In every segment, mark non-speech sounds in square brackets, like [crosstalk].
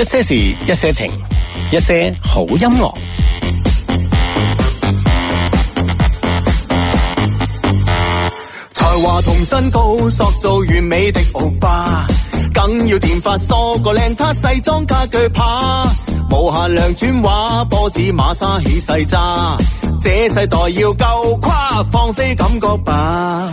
一些事，一些情，一些好音樂。才華同身高，塑造完美的歐巴，更要電髮梳個靚，卡，西裝家具扒，無限量磚畫波子馬莎起細扎，這世代要夠誇，放飛感覺吧。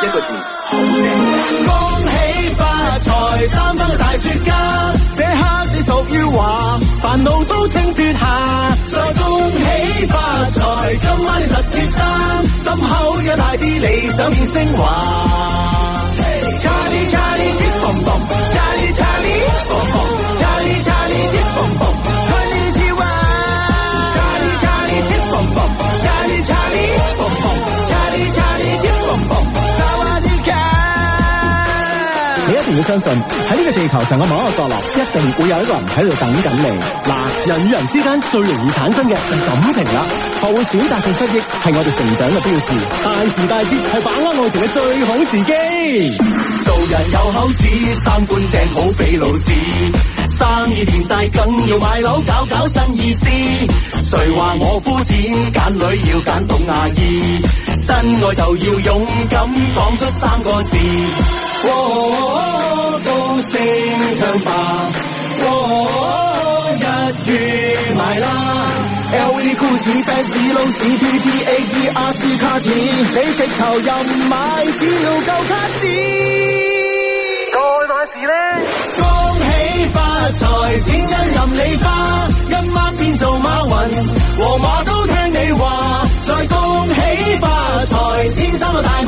一個字，好正！恭喜發財，擔返的大專家，這下只屬於話，煩惱都清脫下。再恭喜發財，今晚你實貼單，心口有大志，你想變星華。差啲差啲我相信喺呢個地球上嘅某一個角落一定會有一個人喺度等緊你。嗱，人與人之間最容易產生嘅就係感情啦。學會小大共失益，係我哋成長嘅標誌。大時大節係把握愛情嘅最好時機。做人有口齒，三觀正好比老子。生意墊晒，更要買樓搞搞新意思。誰話我膚淺？揀女要揀懂牙醫。真愛就要勇敢講出三個字。我高聲唱吧，我一元買啦！L E 公司、百事公司、P P A D R C 卡紙，你直頭任買，只要夠卡紙。再大事呢？恭喜發財，錢一任你花，一晚變做馬雲，和馬都聽你話。再恭喜發財，天生個、啊、大。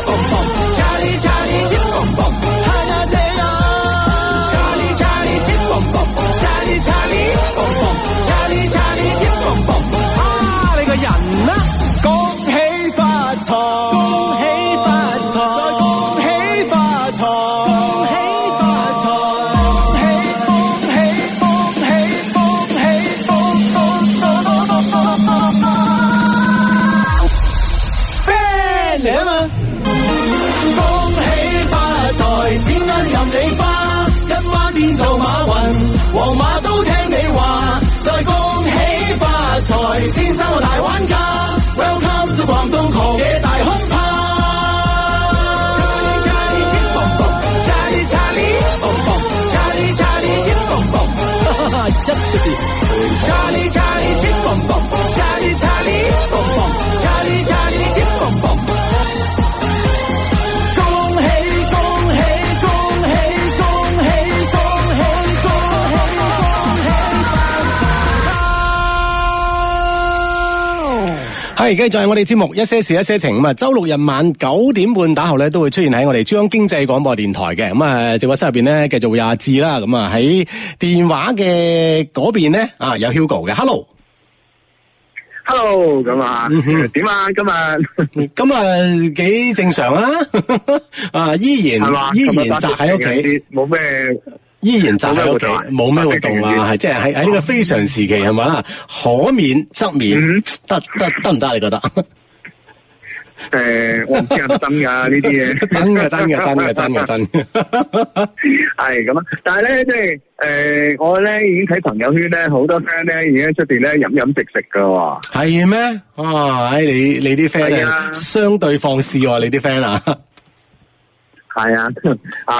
而家再係我哋節目一些事一些情咁啊，周六日晚九點半打後咧都會出現喺我哋珠江經濟廣播電台嘅咁啊直播室入邊咧繼續會有阿志啦，咁啊喺電話嘅嗰邊咧啊有 Hugo 嘅 Hello，Hello，Hello，咁啊點 [laughs] 啊今日 [laughs] 今日幾正常啊 [laughs] 啊依然， [laughs] 依，然依然宅喺屋企，冇咩。依然宅喺屋企，冇咩活，活動啊，係即係喺喺呢個非常時期係咪、啊，可免則免，得得得唔得？你覺得？誒、呃，我唔夾真噶呢啲嘢，真嘅真嘅 [laughs] 真嘅真嘅真。係咁啊！但係咧，即係誒，我咧已經睇朋友圈咧，好多 friend 咧已經出邊咧飲飲食食噶喎。係咩？哇、哎！你你啲 friend 係相對放肆喎、啊，你啲 friend 啊。係啊。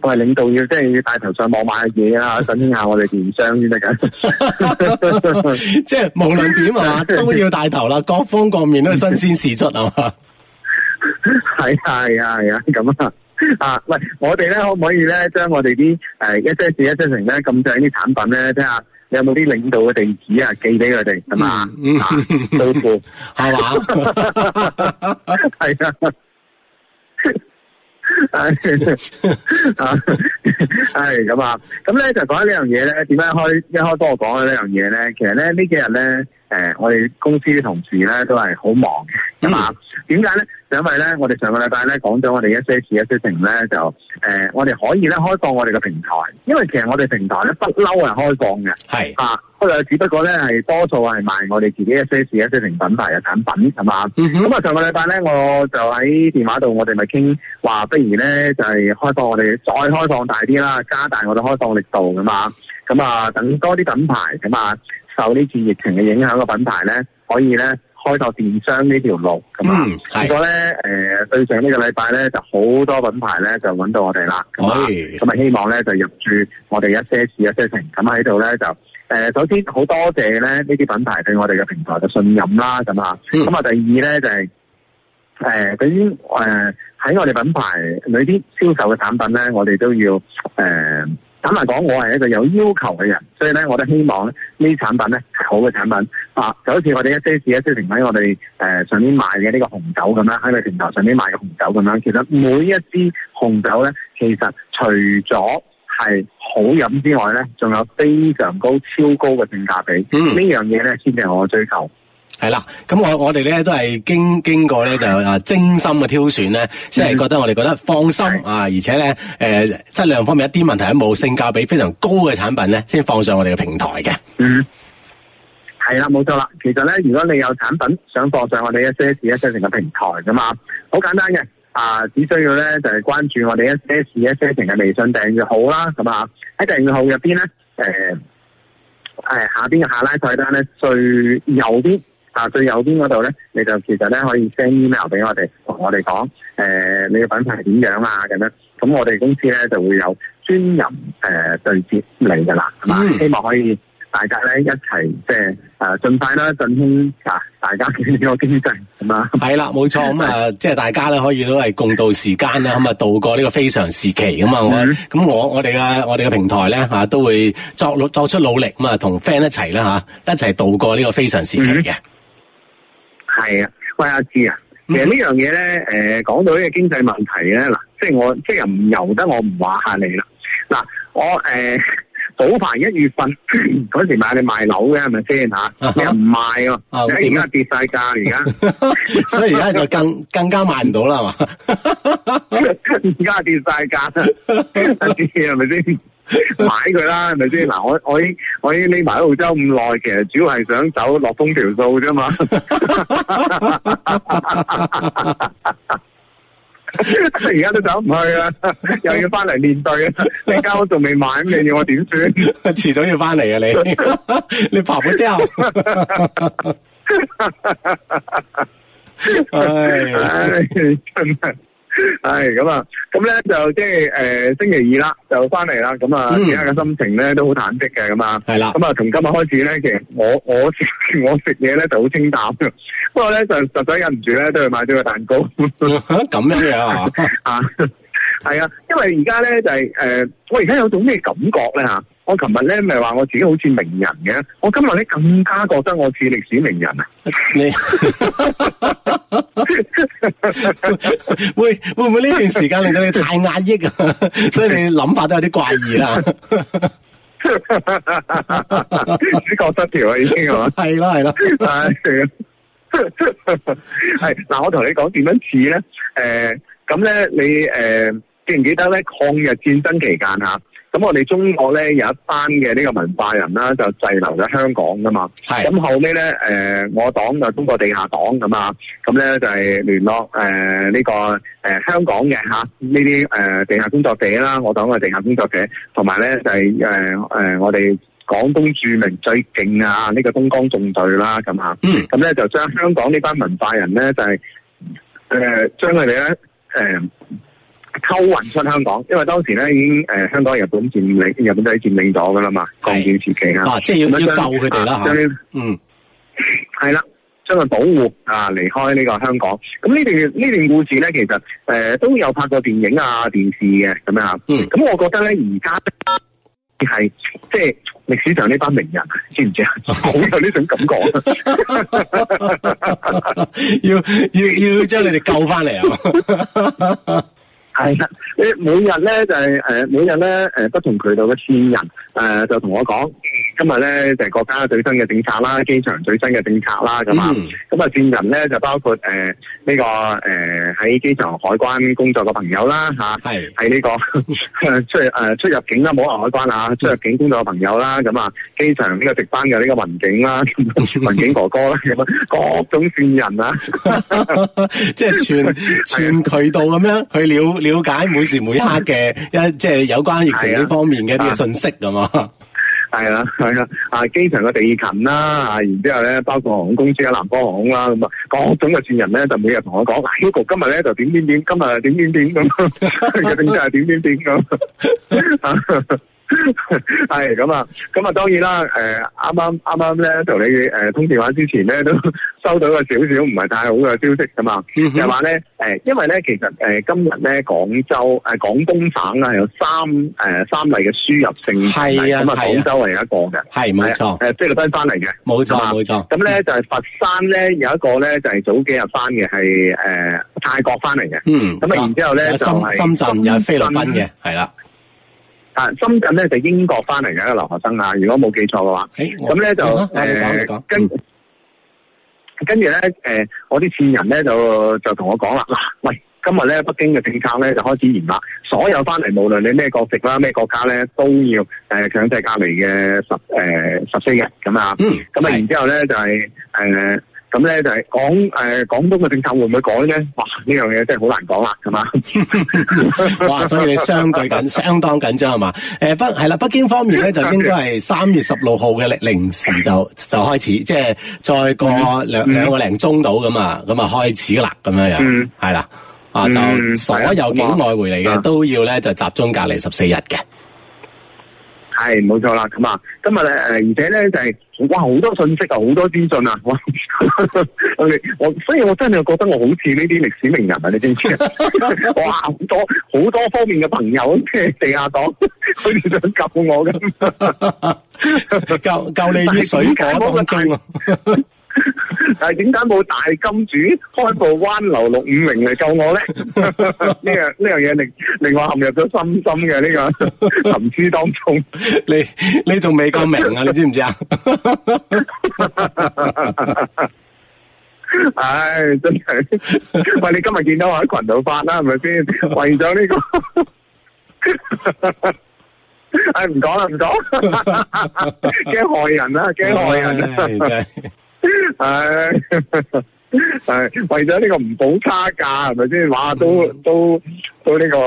我領導係要即係要帶頭上網買嘢啊，襯下我哋電商先得噶，即係無論點啊，都要帶頭啦，各方各面都新鮮事出啊嘛。係啊係啊係啊，咁啊啊，喂，我哋咧可唔可以咧將我哋啲誒一隻市一隻城咧咁靚啲產品咧，睇下有冇啲領導嘅地址啊，寄俾佢哋係嘛，到付係嘛，係啊。係 [laughs] 啊， [laughs] [laughs] 係咁啊，咁咧就講下呢樣嘢咧，點解開一開多講嘅呢樣嘢咧？其實咧呢幾日咧，誒，我哋公司啲同事咧都係好忙咁啊，點解咧？因為咧，我哋上個禮拜咧講咗，我哋 S S S S 零咧就誒，我哋可以咧開放我哋嘅平台，因為其實我哋平台咧不嬲係開放嘅，係啊，不過只不過咧係多數係賣我哋自己 S S S S 零品牌嘅產品，品，品，係嘛，咁、mm、啊 -hmm. 嗯、上個禮拜咧我就喺電話度，我哋咪傾話，不如咧就係、是、開放我哋再開放大啲啦，加大我哋開放力度㗎嘛，咁啊等多啲品牌咁啊、嗯、受呢次疫情嘅影響嘅品牌咧，可以咧。開拓電商呢條路，咁、嗯、啊，結果咧，誒，對、呃、上個呢個禮拜咧，就好多品牌咧就揾到我哋啦，咁、嗯、啊，咁啊、嗯，希望咧就入住我哋一些事、一些情咁喺度咧就，誒、呃，首先好多謝咧呢啲品牌對我哋嘅平台嘅信任啦，咁啊，咁、嗯、啊，第二咧就係、是，誒、呃，對於誒喺我哋品牌裡啲銷售嘅產品咧，我哋都要，誒、呃。坦白講，我係一個有要求嘅人，所以咧，我都希望咧呢產品咧係好嘅產品啊！就好似我哋一啲試一啲停喺我哋上面賣嘅呢個紅酒咁樣，喺佢平台上面賣嘅紅酒咁樣，其實每一支紅酒咧，其實除咗係好飲之外咧，仲有非常高超高嘅性價比，嗯，呢樣嘢咧先係我嘅追求。係啦，咁我我哋咧都係經經過咧就啊精心嘅挑選咧，先係覺得我哋覺得放心啊，而且咧誒質量方面一啲問題都冇，性價比非常高嘅產品咧先放上我哋嘅平台嘅。嗯，係啦，冇錯啦。其實咧，如果你有產品想放上我哋一些事一些情嘅平台噶嘛，好簡單嘅啊，只需要咧就係、是、關注我哋一些事一些情嘅微信訂閱號啦，咁啊喺訂閱號入邊咧誒誒下邊嘅下拉菜單咧最右邊。啊，最右邊嗰度咧，你就其實咧可以 send email 俾我哋，同我哋講，誒、呃，你嘅品牌係點樣啊？咁樣咁我哋公司咧就會有專人誒對接你噶啦，係嘛、嗯？希望可以大家咧一齊即係盡快啦，盡快啊！ [laughs] 大家見呢個經濟係啊係啦，冇錯，咁啊，即係大家咧可以都係共度時間啦，咁啊，渡過呢個非常時期咁啊！咁我、嗯、我哋嘅我哋嘅平台咧嚇都會作作出努力，咁啊，同 friend 一齊啦嚇一齊渡過呢個非常時期嘅。嗯。係啊，喂阿志啊，其實呢樣嘢咧，誒、呃，講到呢個經濟問題咧，嗱，即係我，即係又唔由得我唔話下你啦。嗱，我、呃、誒，早排一月份嗰時買你賣樓嘅係咪先吓？你又唔賣啊，而家、啊、跌晒價，而家， [laughs] 所以而家就更更加賣唔到啦，係 [laughs] 嘛？ [laughs] 而家跌晒價，係咪先？買佢啦，係咪先？嗱，我我已經我匿埋喺澳洲咁耐，其實主要係想走落風條數啫嘛。而家 [laughs] [laughs] 都走唔去啊，又要翻嚟面對啊！你家我仲未買，你要我點算？遲早要翻嚟啊！你 [laughs] 你跑唔不掉。 [laughs] 唉。係咁啊，咁咧就即係誒星期二啦，就翻嚟啦。咁啊，而家嘅心情咧都好忐忑嘅咁啊。係啦，咁、嗯、啊，從今日開始咧，其實我我我食嘢咧就好清淡，不過咧就實在忍唔住咧，都去買咗個蛋糕。咁、啊、樣樣啊？ [laughs] 啊，係啊，因為而家咧就係、是、誒，我而家有種咩感覺咧吓？我琴日咧咪話我自己好似名人嘅，我今日咧更加覺得我似歷史名人啊！ [laughs] [laughs] 你會會唔會呢段時間令到你太壓抑啊？ [laughs] 所以你諗法都有啲怪異啦！只覺得條已經係嘛？係咯係咯係。係嗱、 [laughs] [laughs] [laughs] [laughs] 嗯，我同你講點樣似咧？誒、呃，咁咧你誒、呃、記唔記得咧抗日戰爭期間吓？咁我哋中國咧有一班嘅呢個文化人啦，就滯留咗香港噶嘛，係。咁後尾咧，誒、呃，我黨就通過地下黨咁啊，咁咧就係聯絡誒呢個誒香港嘅吓呢啲誒地下工作者啦，我黨嘅地下工作者，同埋咧就係誒誒我哋廣東著名最勁啊呢個東江縱隊啦咁吓。咁咧、嗯、就將香港呢班文化人咧就係誒將佢哋咧誒。呃偷運出香港，因為當時咧已經誒，香港日本佔領，日本仔佔領咗噶啦嘛，抗戰時期即係要，要救佢哋啦，嗯，係啦，將佢保護啊，離、嗯、開呢個香港。咁呢段呢段故事咧，其實誒、呃、都有拍過電影啊、電視嘅、啊、咁樣咁、嗯、我覺得咧，而家係即係歷史上呢班名人，知唔知啊？好 [laughs] 有呢種感覺， [laughs] [laughs] [laughs] 要要要將你哋救翻嚟啊！ [laughs] 係啦，你每日咧就係誒，每日咧誒，不同渠道嘅線人誒，就同我講，今日咧就係國家最新嘅政策啦，機場最新嘅政策啦，咁、嗯、啊，咁啊線人咧就包括誒呢、呃這個誒喺機場海關工作嘅朋友啦，吓係喺呢個出誒出入境啦，武漢海關啊出入境工作嘅朋友啦，咁啊機場呢個值班嘅呢個民警啦， [laughs] 民警哥哥啦，咁各種線人啊， [laughs] [laughs] 即係是全 [laughs] 全渠道咁樣去了。了解每時每刻嘅 [laughs] 一即係、就是、有關疫情呢方面嘅啲信息是啊嘛，係啦係啦，啊機場嘅地勤啦，啊，啊然之後咧包括航空公司啊南方航空啦咁啊，各種嘅線人咧就每日同我講，Hugo [laughs] 今日咧就點點點，今日點點點咁，又係點點點咁。係咁啊，咁啊，當然啦。誒、呃，啱啱啱啱咧，同你誒、呃、通電話之前咧，都收到一個少少唔係太好嘅消息咁啊。嘅話咧，誒，因為咧，其實誒，今日咧，廣州誒，廣東省啊，有三誒，三例嘅輸入性肺炎，係啊，咁啊，廣州係、啊就是、有一個嘅，係冇錯。誒、呃，菲律賓翻嚟嘅，冇錯冇錯。咁咧就係佛山咧有一個咧就係早幾日翻嘅係誒泰國翻嚟嘅，嗯，咁啊、嗯，然之後咧、嗯、就係、是、深，深圳，深圳又係菲律賓嘅，係啦。深圳咧就英國翻嚟嘅一個留學生啊，如果冇記錯嘅話，咁、欸、咧就誒、嗯呃嗯、跟跟住咧誒，我啲線人咧就就同我講啦，嗱、啊，喂，今日咧北京嘅政策咧就開始嚴啦。所有翻嚟無論你咩國籍啦咩國家咧，都要誒、呃、強制隔離嘅十誒、呃、十四日咁啊，咁啊、嗯嗯，然之後咧就係、是、誒。呃咁咧就係廣誒廣東嘅政策會唔會改咧？哇！呢樣嘢真係好難講啦，係嘛？ [laughs] 哇！所以你相對緊 [laughs] 相當緊張係嘛？誒北係啦，北京方面咧就應該係三月十六號嘅零時就就開始，即係再過兩、嗯、兩個零鐘到㗎嘛，咁、嗯、啊開始啦咁樣樣，係、嗯、啦，啊、嗯、就所有境外回嚟嘅都要咧就集中隔離十四日嘅。係冇錯啦，咁啊，今日咧誒，而且咧就係、是、哇，好多信息啊，好多資訊啊， [laughs] 我我所以我真係覺得我好似呢啲歷史名人啊，你知唔知啊？ [laughs] 哇，好多好多方面嘅朋友，即係地下黨，佢哋想救我嘅， [laughs] 救救你啲水火啊！ [laughs] [laughs] 係點解冇大金主開部灣流六五零嚟救我咧？呢樣呢樣嘢令令我陷入咗深深嘅呢、這個沉思當中。 [laughs] 你你仲未夠明啊？ [laughs] 你知唔知啊？唉、 [laughs] [laughs] 哎，真係喂！你今日見到我喺群度發啦，係咪先為咗呢個、 [laughs] 哎？唉，唔講啦，唔講，驚害人啦，驚害人 [laughs] 誒、啊，誒、啊，為咗呢個唔補差價，係咪先？哇，都、嗯、都都呢、這個、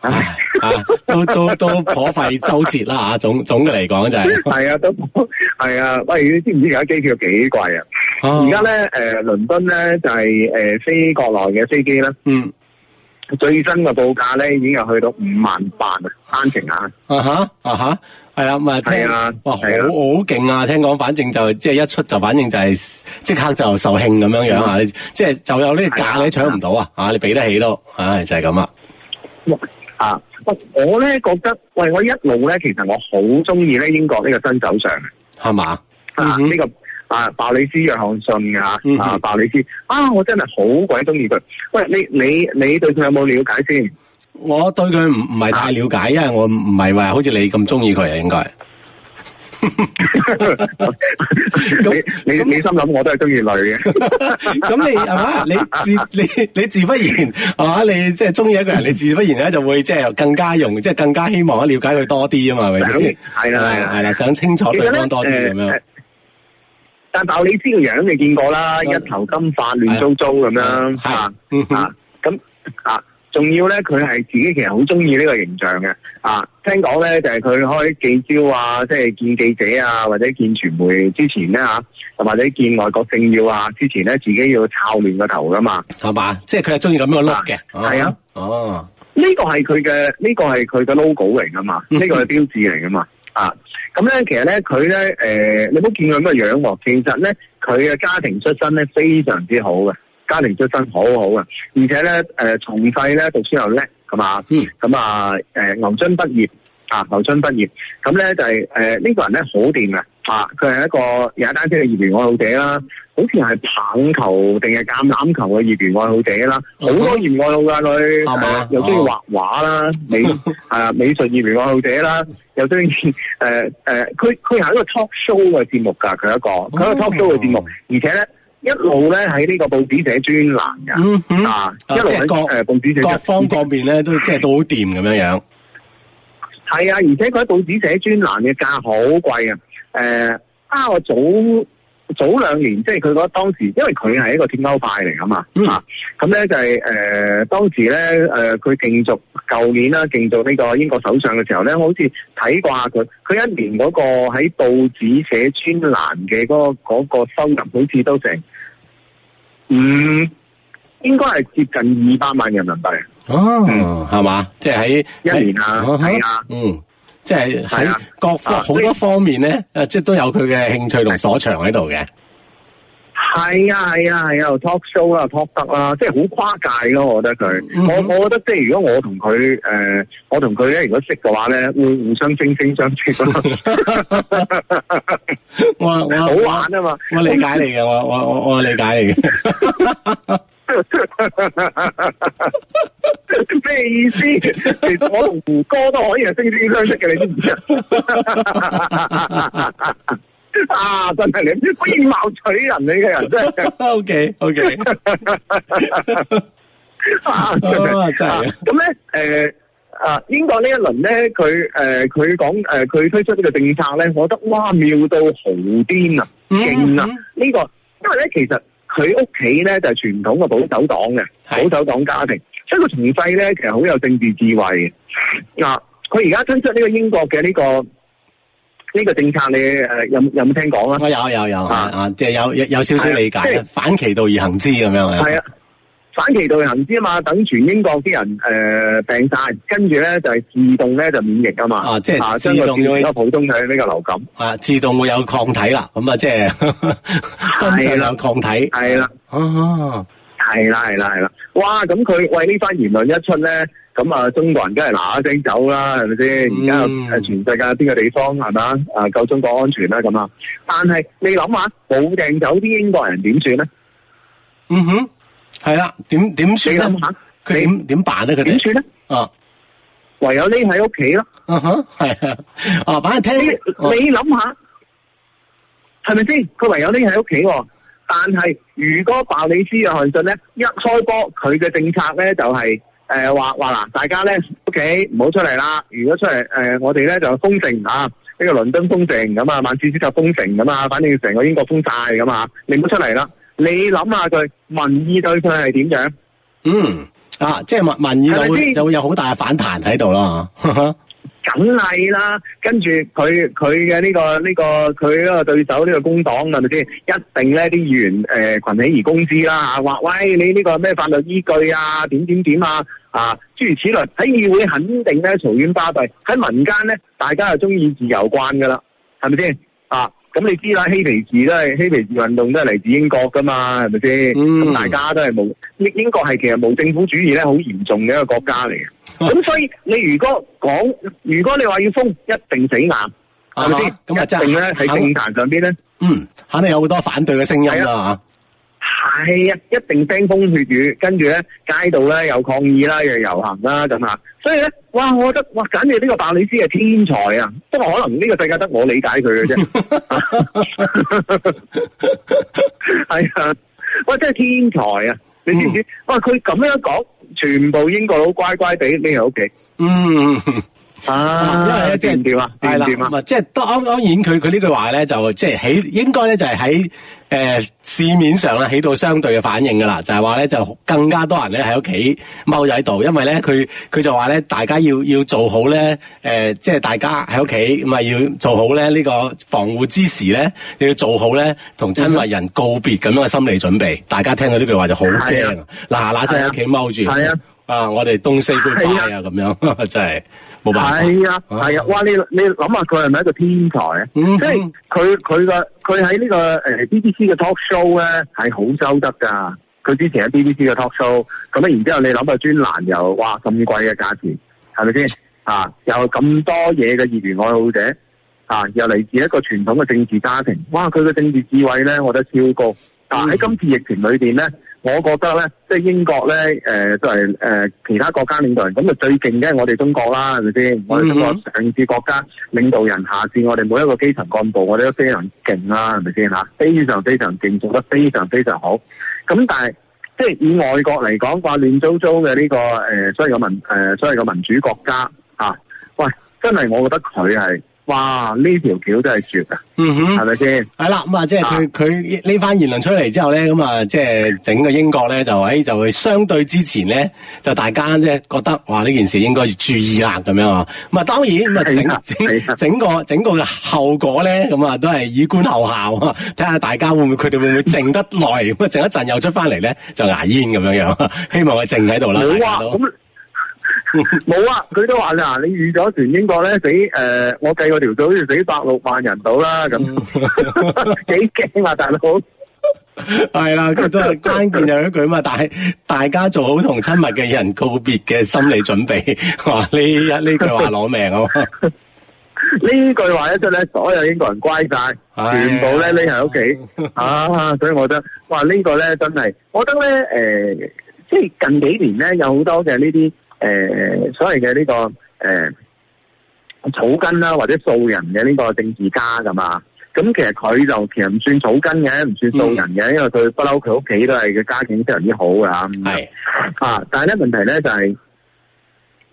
啊，唉，都都都頗費周折啦！吓，總總嘅嚟講就係。係啊，都係 [laughs] [laughs] 啊，啊，喂，你知唔知而家機票幾貴啊？而家咧，誒，倫、呃、敦咧就係、是、誒，呃、國內飛國內嘅飛機啦。嗯，最新嘅報價咧已經係去到五萬八啊，單程啊！啊哈，啊哈。係啦、啊，咪、就是、聽、啊、哇，好好勁啊！聽講，反正就即係一出就，反正就係即刻就售罄咁樣樣吓，即係、啊就是、就有呢個價你搶唔到啊！啊啊你俾得起都，唉、哎，就係、是、咁啊，啊，我我咧覺得，喂，我一路咧，其實我好中意咧英國呢個新首相，係嘛？啊，呢、這個啊鮑里斯約翰遜、嗯、啊鮑里斯，啊我真係好鬼中意佢。喂，你你你對佢有冇了解先？我對佢唔唔係太了解，因為我唔唔係話好似你咁中意佢啊，應該。咁 [laughs] Okay. [laughs] 你你心諗我都係中意女嘅。咁 [laughs] [laughs] 你係嘛？你自你你自不然係嘛？你即係中意一個人， [laughs] 你自不然咧就會即係更加用，即係更加希望了解佢多啲啊嘛？係咪先？係啦係啦係啦，想清楚對方多啲咁樣。但鮑你知嘅樣你見過啦、嗯，一頭金髮亂糟糟咁樣，吓、嗯、咁啊。.仲要咧，佢係自己其實好中意呢個形象嘅啊！聽講咧，就係、是、佢開記招啊，即係見記者啊，或者見傳媒之前咧吓、啊，或者見外國政要啊之前咧，自己要拗亂個頭噶嘛，係嘛？即係佢係中意咁樣碌嘅，係啊！哦，呢個係佢嘅，呢個係佢嘅 logo 嚟噶嘛，呢個係標誌嚟噶嘛啊！咁、啊、咧、這個這個 [laughs] 啊嗯，其實咧，佢咧誒，你冇見佢咁嘅樣喎、啊，其實咧，佢嘅家庭出身咧非常之好嘅。家庭出身好好啊，而且咧，誒、呃，從細咧讀書又叻，係嘛？嗯。咁啊，誒、呃，牛津畢業啊，牛津畢業，咁咧就係誒呢個人咧好掂嘅啊，佢係一個踩單車嘅業餘愛好者啦，好似係棒球定係橄欖球嘅業餘愛好者啦，好、嗯、多業餘愛好噶佢，又中意畫畫啦美啊美術業餘愛好者啦、嗯呃，又中意誒誒，佢佢係一個 talk show 嘅節目噶，佢一個佢、嗯、一個 talk show 嘅節目，而且咧。一路咧喺呢個報紙寫專欄噶，啊，一路喺誒報紙寫，各方各面咧都即係、嗯、都好掂咁樣樣。係啊，而且佢喺報紙寫專欄嘅價好貴啊。誒、呃，啊，我早早兩年，即係佢覺得當時，因為佢係一個脫歐派嚟噶嘛，啊，咁咧就係、是、誒、呃，當時咧誒，佢競逐舊年啦、啊，競逐呢個英國首相嘅時候咧，好似睇過下佢，佢一年嗰個喺報紙寫專欄嘅嗰嗰個收入好像，好似都成。嗯，應該係接近二百萬人民幣哦，係、嗯、嘛，即係喺一年在啊，係啊，嗯，啊、即係喺各方好、啊、多方面咧，誒，即係都有佢嘅興趣同所長喺度嘅。係啊，係啊，係啊，talk show 啦，talk 得啦，即係好跨界咯。我覺得佢、嗯，我我覺得即係如果我同佢，誒、呃，我同佢咧，如果識嘅話咧，會互相惺惺相惜 [laughs] 。我我好玩啊嘛，我理解你嘅，我我我我理解你嘅。咩意思？其實我同胡歌都可以係惺惺相識嘅，你知唔知 [laughs] 啊！真係你唔知以貌取人你嘅人 [laughs] okay, okay. [laughs] 啊、 [laughs] 真啫是。O K O K。咁咧誒啊,、呃、啊英國這一輪呢一輪咧，佢誒佢講誒佢推出呢個政策咧，我覺得哇妙到毫巔啊，勁、嗯、啊！呢、嗯這個因為咧其實佢屋企咧就係、是、傳統嘅保守黨嘅保守黨家庭，所以佢從細咧其實好有政治智慧嘅。嗱、啊，佢而家推出呢個英國嘅呢、這個。呢、這個政策你誒有有冇聽講啊？我有有有，有，有，有，有，有，有點點啊，即係有有少少理解，反其道而行之咁樣係啊，反其道而行之啊嘛，等全英國啲人誒、呃、病晒，跟住咧就係、是、自動咧就免疫啊嘛啊，即係啊，自動變咗普通嘅呢個流感啊，自動會有抗體啦，咁、就是、啊即係身上有抗體，係啦、啊，係係啦係啦係啦，哇，咁佢喂呢番言論一出咧。咁啊，中國人梗係嗱嗱聲走啦，係咪先？而家誒，全世界邊個地方係咪啊？啊，夠中國安全啦咁啊！但係你諗下，冇訂走啲英國人點算咧？嗯哼，係啦，點點算？你諗下，佢點點辦咧？佢點算咧？啊，唯有匿喺屋企咯。嗯、啊、哼，係 [laughs] 啊，反正聽你、啊、你諗下，係咪先？佢唯有匿喺屋企喎。但係如果鮑里斯約翰遜咧一開波，佢嘅政策咧就係、是。誒、呃，話話嗱，大家咧屋企唔好出嚟啦。如果出嚟，誒、呃，我哋咧就封城啊，呢、這個倫敦封城，咁啊，曼徹斯特就封城，咁啊，反正成個英國封晒咁啊，你唔好出嚟啦。你諗下佢民意對佢係點樣？嗯，啊，即係民民意就會就會有好大嘅反彈喺度啦。哈哈梗例啦，跟住佢佢嘅呢個呢、呢個佢個對手呢、呢個工黨係咪先？一定咧，啲議員誒、呃、群起而攻之啦吓，話喂，你呢個咩法律依據啊？點點點啊啊，諸、啊、如此類。喺議會肯定咧，嘈冤巴閉；喺民間咧，大家就中意自由慣噶啦，係咪先啊？咁你知啦，嬉皮士都係嬉皮士運動都係嚟自英國噶嘛，係咪先？咁大家都係冇英英國係其實冇政府主義咧好嚴重嘅一個國家嚟嘅。咁 [laughs] 所以你如果講，如果你話要封，一定死硬，係咪先？咁一定咧喺政壇上邊咧，嗯，肯定有好多反對嘅聲音啦、啊、係啊，啊，一定腥風血雨，跟住咧，街道咧又抗議啦，又遊行啦，咁吓，所以咧，哇，我覺得哇，簡直呢個白里茲係天才啊！不過可能呢個世界得我理解佢嘅啫。係 [laughs] [laughs] [laughs] 啊，哇，真係天才啊！嗯、你知唔知？哇，佢咁樣講。全部英國佬乖乖哋匿喺屋企。嗯。啊，因為一點啊，係啦，啊，即係當當然他，佢佢呢句話咧，就即係喺應該咧，就係喺誒市面上起到相對嘅反應噶啦，就係話咧，就更加多人咧喺屋企踎咗喺度，因為咧，佢佢就話咧，大家要要做好咧，誒，即係大家喺屋企咁啊，要做好咧呢個防護之時咧，你、呃就是、要做好咧同親密人告別咁樣嘅心理準備。Mm -hmm. 大家聽到呢句話就好驚，嗱嗱聲喺屋企踎住，在家著 yeah. 啊，我哋東西搬晒啊，咁、yeah. 樣真係。就是係啊，係啊！哇，你你諗下佢係咪一個天才啊，嗯？即係佢佢佢喺呢個誒 B B C 嘅 talk show 咧，係好收得噶。佢之前喺 B B C 嘅 talk show，咁啊，然之後你諗下專欄又哇咁貴嘅價錢，係咪先啊？又咁多嘢嘅業餘愛好者啊，又嚟自一個傳統嘅政治家庭。哇，佢嘅政治智慧咧，我覺得超高。但係，嗯、喺、啊、今次疫情裏邊咧。我覺得咧，即係英國咧，誒都係誒其他國家領導人，咁啊最勁嘅係我哋中國啦，係咪先？Mm -hmm. 我哋中國上至國家領導人，下至我哋每一個基層幹部，我哋都非常勁啦，係咪先嚇？非常非常勁，做得非常非常好。咁但係即係以外國嚟講，話亂糟糟嘅呢個誒、呃，所謂嘅民、呃、所謂嘅民主國家嚇、啊，喂，真係我覺得佢係。哇！呢條橋都係絕噶，嗯哼，係咪先？係啦，咁啊，即係佢佢呢番言論出嚟之後咧，咁啊，即係整個英國咧，就喺就會相對之前咧，就大家即係覺得哇，呢件事應該要注意啦咁樣啊。咁啊，當然咁啊，整整整個整個嘅後果咧，咁啊都係以觀後效啊。睇下大家會唔會佢哋會唔 [laughs] 會靜得耐？咁啊，靜一陣又出翻嚟咧，就牙煙咁樣樣。希望佢靜喺度啦，哇冇啊！佢都話嗱，你預咗全英國咧死誒、呃，我計個條數好似死百六萬人到啦咁，幾驚啊大佬！係 [laughs] 啦， [laughs] 佢都係關鍵有一句嘛，但大家做好同親密嘅人告別嘅心理準備。哇！呢一呢句話攞命 [laughs] 啊！呢句話一出咧，所有英國人乖晒，全部咧匿喺屋企啊！所以我覺得話、這個、呢個咧真係，我覺得咧誒、呃，即係近幾年咧有好多嘅呢啲。誒、呃，所謂嘅呢個誒、呃、草根啦，或者素人嘅呢個政治家噶嘛，咁其實佢就其實唔算草根嘅，唔算素人嘅，因為佢不嬲佢屋企都係嘅家境非常之好噶係、嗯、啊，但係咧問題咧就係、是，誒、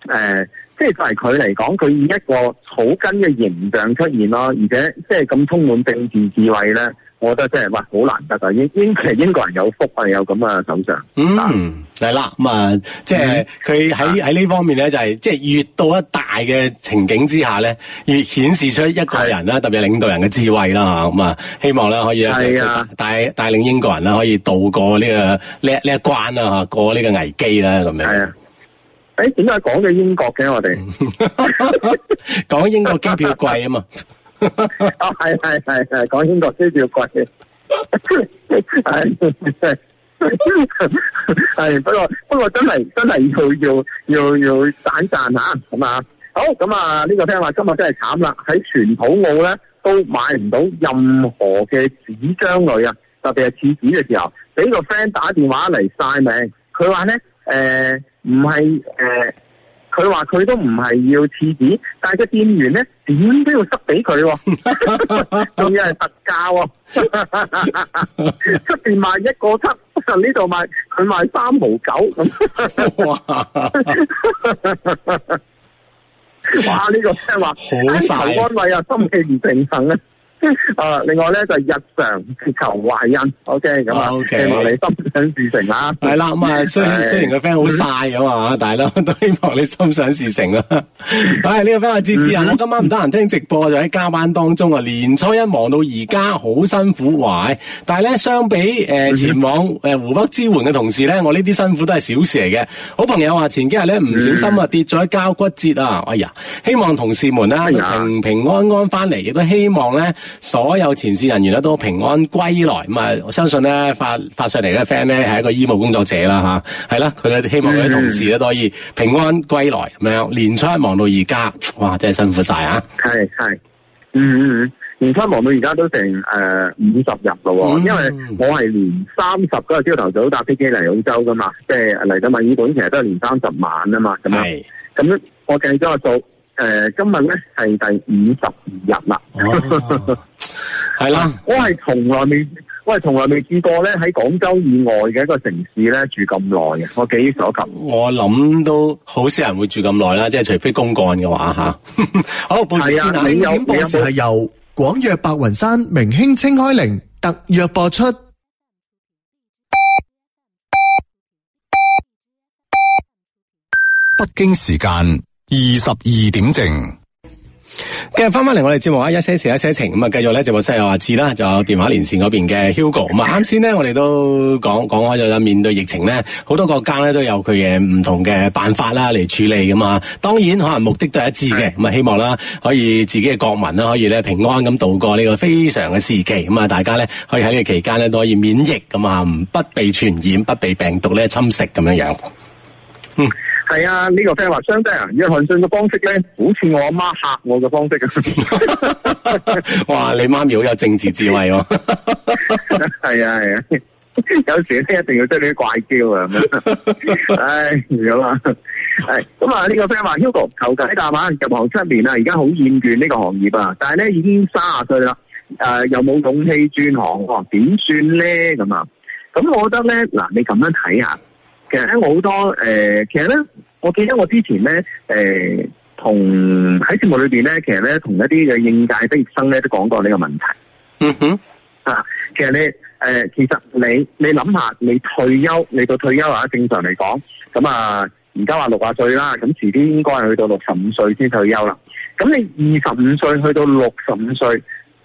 呃，即係就係佢嚟講，佢以一個草根嘅形象出現咯，而且即係咁充滿政治智慧咧。我覺得真係哇，好難得啊！英英英國人有福啊，有咁嘅首相。嗯，係啦，咁啊、嗯，即係佢喺喺呢方面咧，就係即係越到一大嘅情景之下咧，越顯示出一個人啦，特別係領導人嘅智慧啦吓。咁啊，希望咧可以帶帶帶領英國人啦，可以渡過呢、這個呢呢一關啦吓，過呢個危機啦咁樣。係啊。誒，點解講嘅英國嘅我哋？講 [laughs] 英國機票貴啊嘛。 [laughs] 係係係係，講英國需要貴，係係 [laughs] 是 [laughs] 不過不過真係真係要要要要散賺吓，咁啊好，咁啊呢個 friend 話，今日真係慘啦，喺全土澳咧都買唔到任何嘅紙張類啊，特別係廁紙嘅時候，俾個 friend 打電話嚟晒命，佢話咧誒唔係誒。呃唔係呃佢話佢都唔係要廁紙，但係個店員咧點都要塞俾佢，啊，仲 [laughs] 要係特價，啊，出 [laughs] 邊賣一個七，呢度賣佢賣三毛九， [laughs] 哇， [laughs] 哇！哇！呢、呢個咩話？求安，安慰啊，心氣唔平衡啊！啊！另外咧就係、日常祈求懷恩。o k 咁啊，啊、OK，希望你心想事成啦。係啦，咁啊，嗯、雖、嗯、雖然個 friend 好晒啊嘛，嗯、但係啦都希望你心想事成啦。係呢個 friend 阿志志啊，我、 [laughs] 哎這個嗯啊、今晚唔得閒聽直播，就喺加班當中啊。年初一忙到而家，好辛苦壞。但係咧，相比誒、呃嗯、前往誒、呃、湖北支援嘅同事咧，我呢啲辛苦都係小事嚟嘅。好朋友話前幾日咧唔小心啊、嗯、跌咗交骨折啊，哎呀！希望同事們咧、啊、平、哎、平安安翻嚟，亦都希望咧。所有前線人員咧都平安歸來，咁啊，我相信咧發發上嚟嘅 friend 咧係一個醫務工作者啦吓，係啦，佢希望佢啲同事咧都可以平安歸來咁樣。年初忙到而家，哇，真係辛苦晒啊！係係，嗯，年初忙到而家都成誒五十日咯，因為我係年三十嗰個朝頭早搭飛機嚟澳洲噶嘛，即係嚟到墨爾本其實都係年三十晚啊嘛，咁啊，咁我計咗個數。誒、呃，今日咧係第五十二日啦，係、啊、 [laughs] 啦。我係從來未，我係從來未見過咧喺廣州以外嘅一個城市咧住咁耐嘅。我記憶所及，我諗都好少人會住咁耐啦，即係除非公幹嘅話吓。啊、 [laughs] 好，啊、報時啦。整點報時係由廣藥白雲山明興清開靈特約播出，北京時間二十二點正，今日翻翻嚟我哋節目啊，一些事，一些情，咁啊，繼續咧就播西雅華智啦，仲有電話連線嗰邊嘅 Hugo、嗯。咁、嗯、啊，啱先咧，我哋都講講開咗，面對疫情咧，好多國家咧都有佢嘅唔同嘅辦法啦，嚟處理㗎嘛、嗯。當然，可能目的都係一致嘅。咁、嗯、啊，希望啦，可以自己嘅國民啦，可以咧平安咁度過呢個非常嘅時期。咁、嗯、啊，大家咧可以喺呢個期間咧都可以免疫咁啊，唔、嗯、不被傳染，不被病毒咧侵蝕咁樣樣。嗯。係啊，呢、這個 friend 話，人而家約翰遜嘅方式咧，好似我阿媽嚇我嘅方式啊！ [laughs] [laughs] 哇，你媽咪好有政治智慧喎、啊！係 [laughs] 啊係啊，啊，有時咧一定要你啲怪招 [laughs] [laughs] 是啊！咁樣，唉，咁啊，係咁啊，呢個 friend 話，Hugo 求解，大馬入行七年啊，而家好厭倦呢個行業啊，但係咧已經卅歲啦，誒、呃，又冇勇氣轉行，點、哦、點算呢？咧咁啊？咁我覺得咧，嗱，你咁樣睇下。其實咧我好多誒、呃，其實咧，我記得我之前咧，誒、呃，同喺節目裏邊咧，其實咧，同一啲嘅應屆畢業生咧，都講過呢個問題。嗯哼，啊，其實你誒、呃，其實你你諗下，你退休，你到退休或者正常嚟講，咁啊，而家話六啊歲啦，咁遲啲應該係去到六十五歲先退休啦。咁你二十五歲去到六十五歲。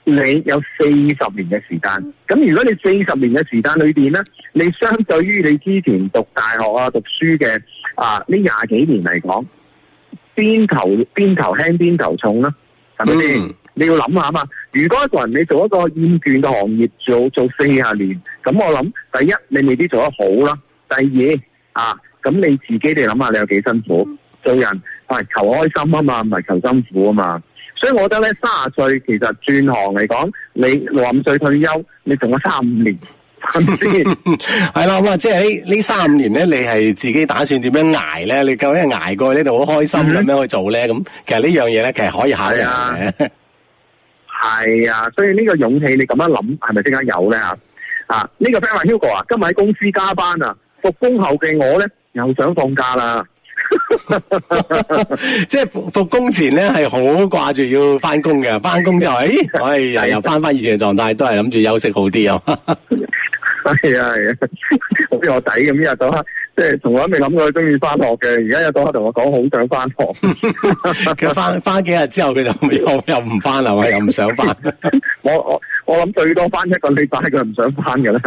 你有四十年嘅時間，咁如果你四十年嘅時間裏面呢，你相對於你之前讀大學啊、讀書嘅啊呢廿幾年嚟講，邊頭邊頭輕邊頭重呢？mm. 係咪先？你要諗下嘛。如果一個人你做一個厭倦嘅行業，做做四十年，咁我諗第一你未必做得好啦，第二啊咁你自己哋諗下，你有幾辛苦？做人係求開心啊嘛，唔係求辛苦啊嘛。所以我覺得咧，卅歲其實轉行嚟講，你六十五歲退休，你仲有三五年，係咪先？係啦，咁啊，即係呢呢三五年咧，你係自己打算點樣挨咧？你究竟挨過去呢度好開心咁樣去做咧？咁 [laughs] 其實呢樣嘢咧，其實可以考慮吓嘅。係啊， [laughs] 所以呢個勇氣你咁樣諗，係咪即刻有咧？啊啊！呢個 friend Hugo 啊，今日喺公司加班啊，復工後嘅我咧又想放假啦。 [laughs] 即係復工前咧，係好掛住要翻工嘅。翻工之後，哎呀，又翻翻以前嘅狀態，都係諗住休息好啲 [laughs] 啊。係啊，係啊，好似、啊、我抵咁，一日到黑，即係從來未諗過中意翻學嘅。而家一到黑同我講好想翻學，佢 [laughs] 返翻翻幾日之後，佢就又又唔翻啦，又唔想翻。 [laughs] 我我。我諗最多翻一個禮拜，佢唔想翻㗎啦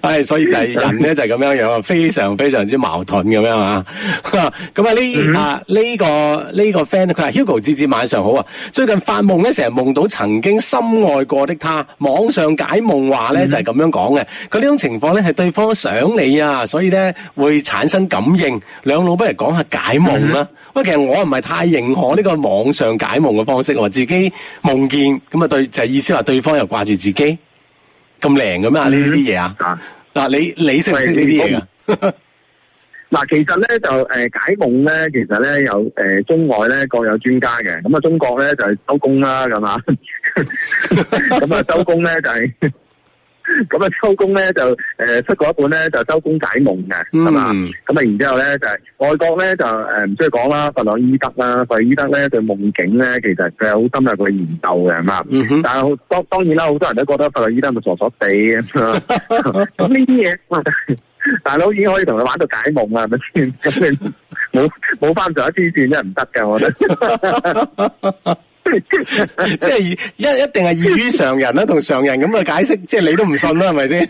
唉，所以就係人咧就係咁樣樣，非常非常之矛盾咁樣啊、 [laughs] 嗯。咁、 [laughs] 嗯、啊呢啊呢個呢、這個 friend 佢話 Hugo 姊子晚上好啊，最近發夢咧成日夢到曾經深愛過的他，網上解夢話咧就係咁樣講嘅。佢、嗯、呢種情況咧係對方想你啊，所以咧會產生感應，兩老不如講下解夢啦。嗯其實我唔係太認可呢個網上解夢嘅方式，我自己夢見咁啊，就對就係、是、意思話對方又掛住自己咁靚嘅咩？呢啲嘢啊？嗱，你你識唔識呢啲嘢啊？嗱，其實咧 [laughs] 就誒解夢咧，其實咧有誒、呃、中外咧各有專家嘅。咁啊，中國咧就係、是、周公啦，咁啊， [laughs] 周公咧就係、是。 [laughs] 咁啊，周公咧就誒出過一本咧，就是嗯，就是，就《周公解夢》嘅，係嘛？咁啊，然之後咧就係外國咧就誒唔需要講啦，弗洛伊德啦，弗洛伊德咧對夢境咧其實佢係好深入嘅研究嘅，係嘛、嗯？但係當當然啦，好多人都覺得弗洛伊德咪傻傻地咁？咁呢啲嘢大佬已經可以同佢玩到解夢啦，係咪先？冇冇翻做一啲算，真係，唔得噶，我覺得。 [laughs] [laughs] 即係一一定係異於常人啦，同常人咁啊解釋，即係你都唔信啦，係咪先？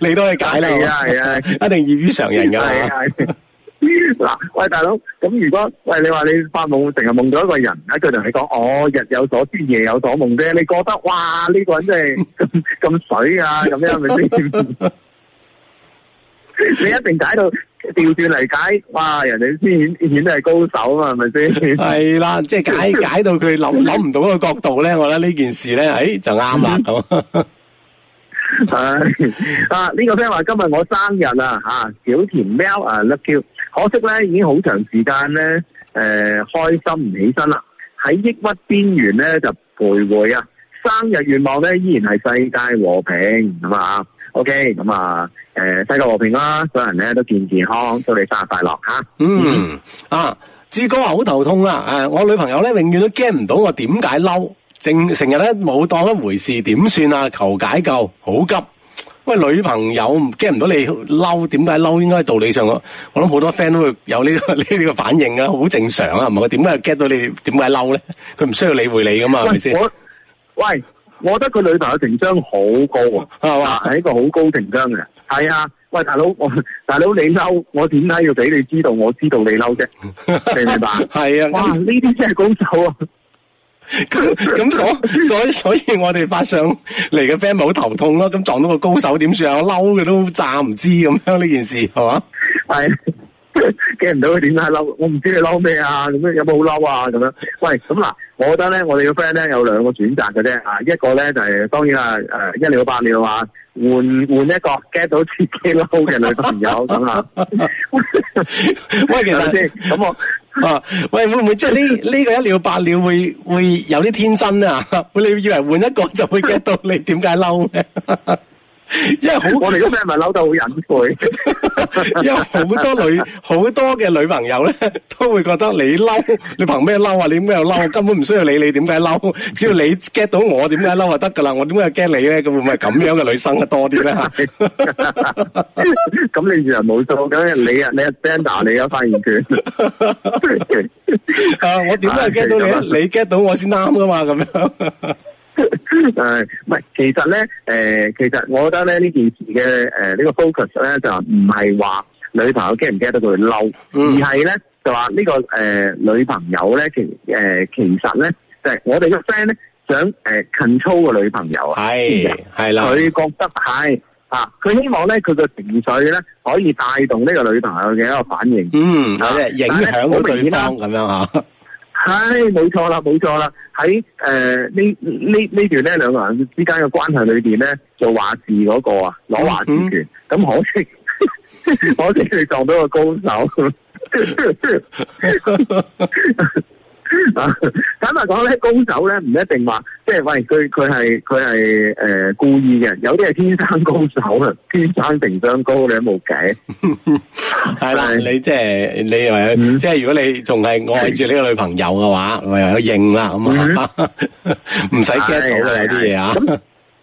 你都去解你，係啊係啊，一定異於常人噶。係係嗱，喂，大佬，咁如果喂你話你發夢成日夢到一個人，佢同你講，我日有所思，夜有所夢啫。你覺得哇，呢個人真係咁水啊？咁樣係咪先？你一定解到。調轉嚟解，哇！人哋先顯顯得係高手啊，係咪先？係 [laughs] 啦，即係解解到佢諗諗唔到嘅角度咧。 [laughs] 我覺得呢件事咧，誒、哎，就啱啦。好，啊呢個聽話今日我生日啊，吓小田喵啊，look y 可惜咧，已經好長時間咧，誒、呃，開心唔起身啦，喺抑鬱邊緣咧，就徘徊啊！生日願望咧，依然係世界和平，係嘛？OK，咁啊，誒，世界和平啦，所有人咧都健健康，祝你生日快樂啊！嗯，啊，志哥啊，好頭痛啊！誒，我女朋友咧永遠都 get 唔到我點解嬲，正成日咧冇當一回事，點算啊？求解救，好急！喂，女朋友 get 唔到你嬲，點解嬲？應該係道理上我，我諗好多 friend 都會有呢呢個反應啊，好正常啊，唔係我點解 get 到你點解嬲咧？佢唔需要理會你噶嘛，係咪先？喂。我覺得佢女朋友情商好高啊，係嘛？係、啊、一個好高情商嘅。係啊，喂，大佬，大佬你嬲，我點解要俾你知道？我知道你嬲啫，明 [laughs] 唔明白？係啊，哇，呢啲真係高手啊！咁咁，所所以 [laughs] 所以，所以所以我哋發上嚟嘅 friend 咪好頭痛咯，啊。咁撞到個高手點算啊？我嬲嘅都詐唔知咁樣呢件事係嘛？係驚唔到佢點解嬲？我唔知佢嬲咩啊，咁樣有冇好嬲啊？咁樣，喂，咁嗱、啊。我覺得咧，我哋嘅 friend 咧有兩個選擇嘅啫，啊，一個咧就係、是、當然啊，誒、呃、一了百了話換換一個 get 到自己嬲嘅女朋友，等 [laughs] 下喂，其實先咁我啊喂，會唔會即係呢呢個一了百了會會有啲天真啊？ [laughs] 你以為換一個就會 get 到你？點解嬲咧？ [laughs] 因為好，我哋個 friend 咪嬲到好隱晦，因為好多女好多嘅女朋友咧，都會覺得你嬲，你憑咩嬲啊？你點解又嬲？根本唔需要理你，點解嬲？只要你 get 到我，點解嬲就得噶啦。我點解又驚你咧？咁會唔係咁樣嘅女生啊多啲咧。咁你自然冇錯，咁你啊你啊，Bender，你有發言權。啊，我點解 get 到你？你 get 到我先啱噶嘛？咁樣。誒，唔係，其實咧，誒、呃，其實我覺得咧呢件事嘅，誒、呃、呢、這個 focus 咧就唔係話女朋友驚唔驚得到佢嬲，而係咧就話呢、這個誒、呃、女朋友咧，其誒、呃、其實咧，就是、我哋個 friend 咧想誒 control 個女朋友，係係啦，佢覺得係啊，佢希望咧佢嘅情緒咧可以帶動呢個女朋友嘅一個反應，嗯，是是影響對方咁樣 [laughs] 係冇錯啦，冇錯啦。喺誒、呃、呢呢呢段咧，兩個人之間嘅關係裏邊咧，就話事嗰、那個啊，攞話事權。咁、嗯、可惜， [laughs] [laughs] 可惜你撞到個高手。 [laughs] [laughs] [laughs] 啊，簡單講咧，高手咧唔一定話，即係喂，佢佢係佢係誒故意嘅，有啲係天生高手啊，天生成張高，你都冇計。係啦，你即係你又即係，如果你仲係愛住呢個女朋友嘅話，我又有應啦，咁啊，唔使驚講呢啲嘢啊。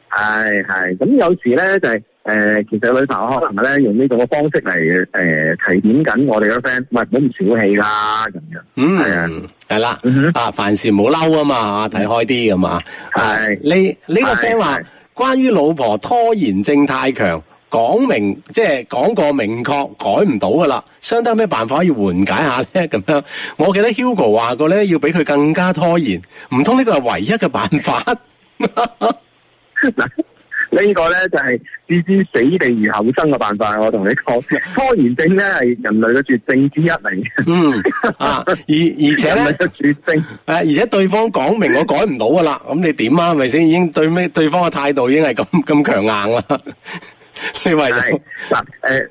係係，咁有時咧就係。誒、呃，其實女能、呃、朋友可能咧用呢種嘅方式嚟誒提點緊我哋嘅 friend，喂唔好咁小氣啦，咁、啊、樣，嗯，係啊，係、嗯、啦，啊，凡事唔好嬲啊嘛，睇開啲噶嘛，係、嗯，呢、啊、呢個 friend 話，關於老婆拖延症太強，講明即係講過明確，改唔到噶啦，相當有咩辦法可以緩解一下咧，咁樣，我記得 Hugo 話過咧，要比佢更加拖延，唔通呢個係唯一嘅辦法？嗱。 [laughs] [laughs] 這個、呢個咧就係置之死地而後生嘅辦法，我同你講，拖延症咧係人類嘅絕症之一嚟嘅。嗯，啊、而而且咧，係絕症，誒，而且對方講明我改唔到噶啦，咁 [laughs] 你點啊？係咪先已經對咩？對方嘅態度已經係咁咁強硬啦。你話係誒？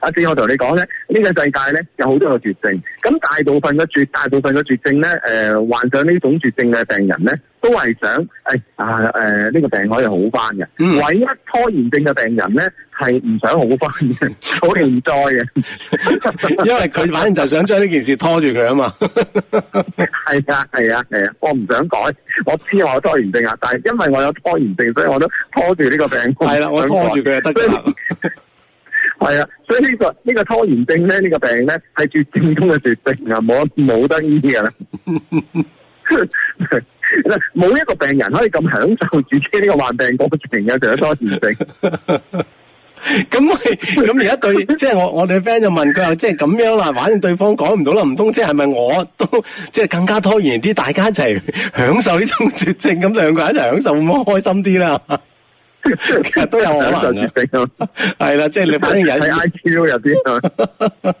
阿、啊、正，我同你講咧，呢、這個世界咧有好多個絕症，咁大部分嘅絕，大部分嘅絕症咧，誒、呃，患上呢種絕症嘅病人咧，都係想誒、哎、啊誒，呢、呃這個病可以好返嘅。唯一拖延症嘅病人咧，係唔想好返嘅，好唔在嘅， [laughs] 因為佢反正就想將呢件事拖住佢啊嘛。係 [laughs] 啊，係啊，係啊，啊，我唔想改，我知道我有拖延症啊，但係因為我有拖延症，所以我都拖住呢個病，係啦、啊，我拖住佢就得啦。 [laughs] 係啊，所以呢個呢個拖延症咧，呢個病咧係最正宗嘅絕症啊！冇冇得醫啊，冇 [laughs] 一個病人可以咁享受自己呢個患病過程嘅，就係拖延症。咁咁而家對，即係我我哋 friend 就問佢話，即係咁樣啦，反正對方講唔到啦，唔通即係係咪我都即係更加拖延啲，大家一齊享受呢種絕症，咁兩個人一齊享受，咁開心啲啦。其實都有我份啊！係 [laughs] 啦、即係 [laughs] 即係， [laughs] [laughs] 即係你反正有喺 IQ 入邊。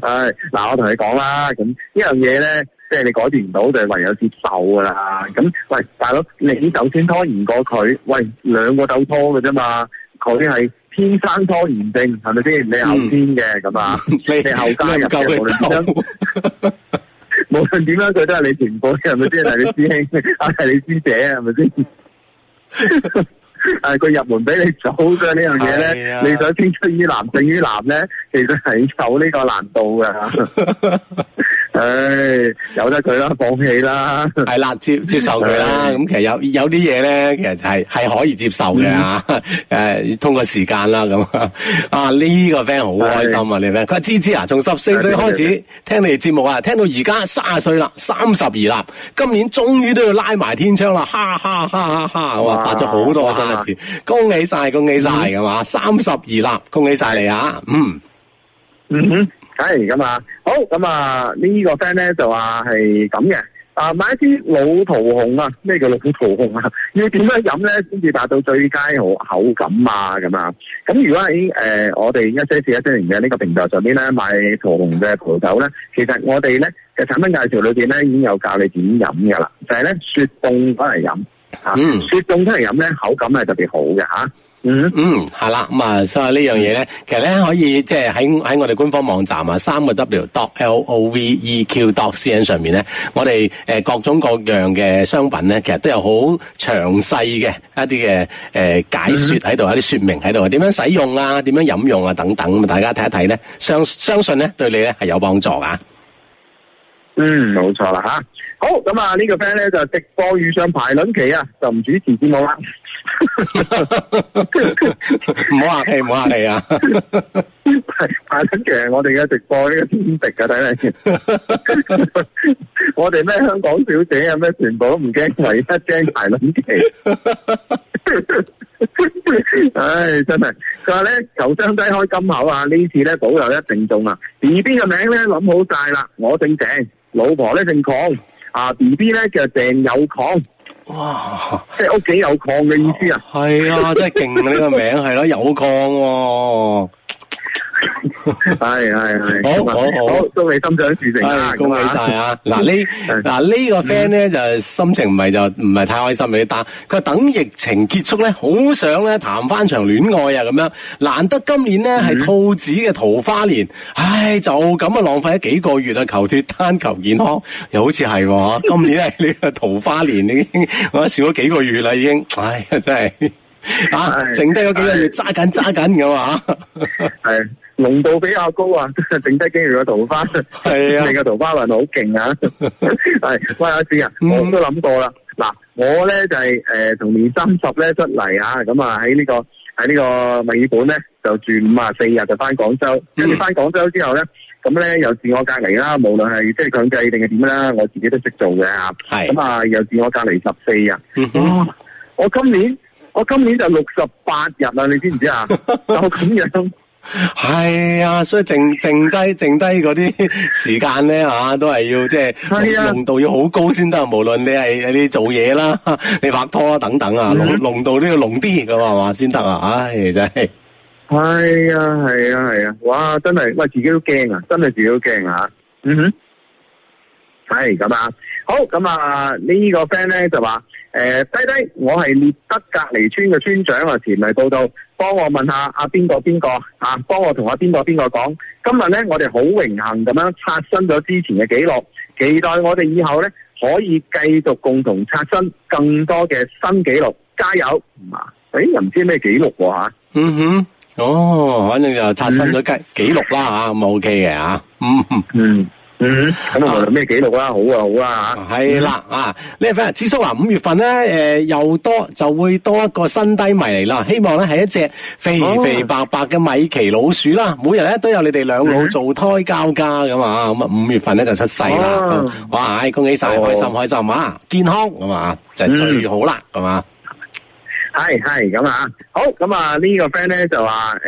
係嗱，我同你講啦，咁呢樣嘢咧，即係你改變唔到，就係唯有接受噶啦。咁，喂，大佬，你首先拖延過佢，喂，兩個鬥拖嘅啫嘛。佢係天生拖延症，係咪先？你後天嘅咁啊？ [laughs] 你後加入嘅， [laughs] 無論點樣，佢都係你前輩，係咪先？係你師兄，係你師姐啊，係咪先？是係 [laughs] 個入門俾你走嘅，這個、呢樣嘢咧，啊、你想青出於藍勝於藍咧，其實係有呢個難度㗎。 [laughs] 唉、哎，由得佢啦，放棄啦，係啦，接接受佢啦。咁其實有有啲嘢咧，其實係係可以接受嘅吓。誒、嗯啊，通過時間啦，咁啊，啊、這、呢個 friend 好開心啊，呢 friend 佢話芝芝啊，從十四歲開始聽你哋節目啊，聽到而家卅歲啦，三十而立，今年終於都要拉埋天窗啦，哈哈哈哈哈哈，哇，發咗好多真字，恭喜晒，恭喜晒，㗎、嗯、嘛，三十而立，恭喜晒你啊，嗯，嗯哼。係咁啊，好咁啊。這個、呢個 friend 咧就話係咁嘅，啊買啲老桃紅啊，咩叫老桃紅啊？要點樣飲咧先至達到最佳口口感啊咁啊。咁如果喺，誒、呃、我哋一些事一些情嘅呢個平台上邊咧買桃紅嘅葡萄酒咧，其實我哋咧嘅產品介紹裏邊咧已經有教你點飲噶啦，就係、是、咧雪凍翻嚟飲，mm. 啊雪凍翻嚟飲咧口感係特別好嘅吓。嗯、mm -hmm. 嗯，係啦，咁啊，所以呢樣嘢咧，mm -hmm. 其實咧可以即係喺喺我哋官方網站啊，三個 W dot L O V E Q dot C N 上面咧，我哋誒各種各樣嘅商品咧，其實都有好詳細嘅一啲嘅誒解說喺度，一、mm、啲 -hmm. 說明喺度，點樣使用啊，點樣飲用啊等等，咁大家睇一睇咧，相相信咧對你咧係有幫助啊。嗯，冇錯啦，吓，好咁啊，個呢個 friend 咧就直、是、播遇上排卵期啊，就唔主持節目啦。唔好客氣，唔好客氣啊！排卵期，我哋嘅直播呢個天敵嘅睇嚟，我哋咩香港小姐啊咩全部都唔驚，唯一驚排卵期。唉，真係！佢話咧，求生雞開金口啊！呢次咧，保佑一定中啊！B B 嘅名咧諗好晒啦，我姓鄭，老婆咧姓鄺，啊 B B 咧叫鄭友鄺。哇！即係屋企有礦嘅意思啊！係啊，真係勁，呢個名，係咯， [laughs] 啊，有礦啊。係係係，好今好好，今今好，好今、哎，恭喜，心想事成，恭喜晒啊！嗱、啊這個、呢嗱呢個 friend 咧就心情唔係就唔係太開心嚟，但佢話等疫情結束咧，好想咧談翻場戀愛啊！咁樣難得今年咧係兔子嘅桃花年，唉就咁啊浪費咗幾個月啊，求脱單求健康，又好似係、啊、今年係呢個 [laughs] 桃花年，你我少咗幾個月啦，已經唉真係。啊！剩低嗰幾個月，揸緊揸緊咁嘛？係濃度比較高啊，剩低幾個月嘅桃花運，係 [laughs] 啊，你嘅桃花運好勁啊！係喂阿志啊，我都諗過啦。嗱、嗯，我咧就係、是、誒、從、呃、年三十咧出嚟啊，咁啊喺呢個喺呢個墨爾本咧就住五十四日就翻廣州，跟住翻廣州之後咧，咁咧又自我隔離啦，無論係即係強制定係點啦，我自己都識做嘅係咁啊，又自我隔離十四日。我今年。我、哦、今年就六十八日啊，你知唔知啊？ [laughs] 就咁樣，係啊，所以剩剩低剩低嗰啲時間咧，吓、啊、都係要即係濃、啊、度要好高先得，無論你係你做嘢啦，你拍拖等等 [laughs] 啊，濃度都要濃啲噶嘛，係嘛先得啊！唉，真係，係啊，係啊，係啊，哇，真係喂，自己都驚啊，真係自己都驚啊！嗯哼，係咁啊，好咁啊，這個、呢個 friend 咧就話。誒、呃，低低，我係獵德隔籬村嘅村長啊，前嚟報道幫我問下阿邊個邊個啊，幫、啊、我同阿邊個邊個講。今日咧，我哋好榮幸咁樣刷新咗之前嘅紀錄，期待我哋以後咧可以繼續共同刷新更多嘅新紀錄，加油！誒、哎，又唔知咩紀錄吓？嗯哼，哦，反正就刷新咗紀錄啦吓，咁、嗯啊、ok 嘅吓、啊，嗯哼，嗯。咁、嗯、睇我哋咩記錄啦，好啊，好啊吓，係啦啊，呢個 friend 芝叔話，五月份咧，誒、呃、又多就會多一個新低迷嚟啦，希望咧係一隻肥肥白白嘅米奇老鼠啦，啊、每日咧都有你哋兩老做胎交加噶嘛，咁、嗯、啊、嗯、五月份咧就出世啦、啊嗯，哇，哎、恭喜晒，開心開心，開心啊，健康咁啊，就係、最好啦，係、嗯、嘛，係係咁啊，好，咁啊、這個、呢、呃這個 friend 咧就話誒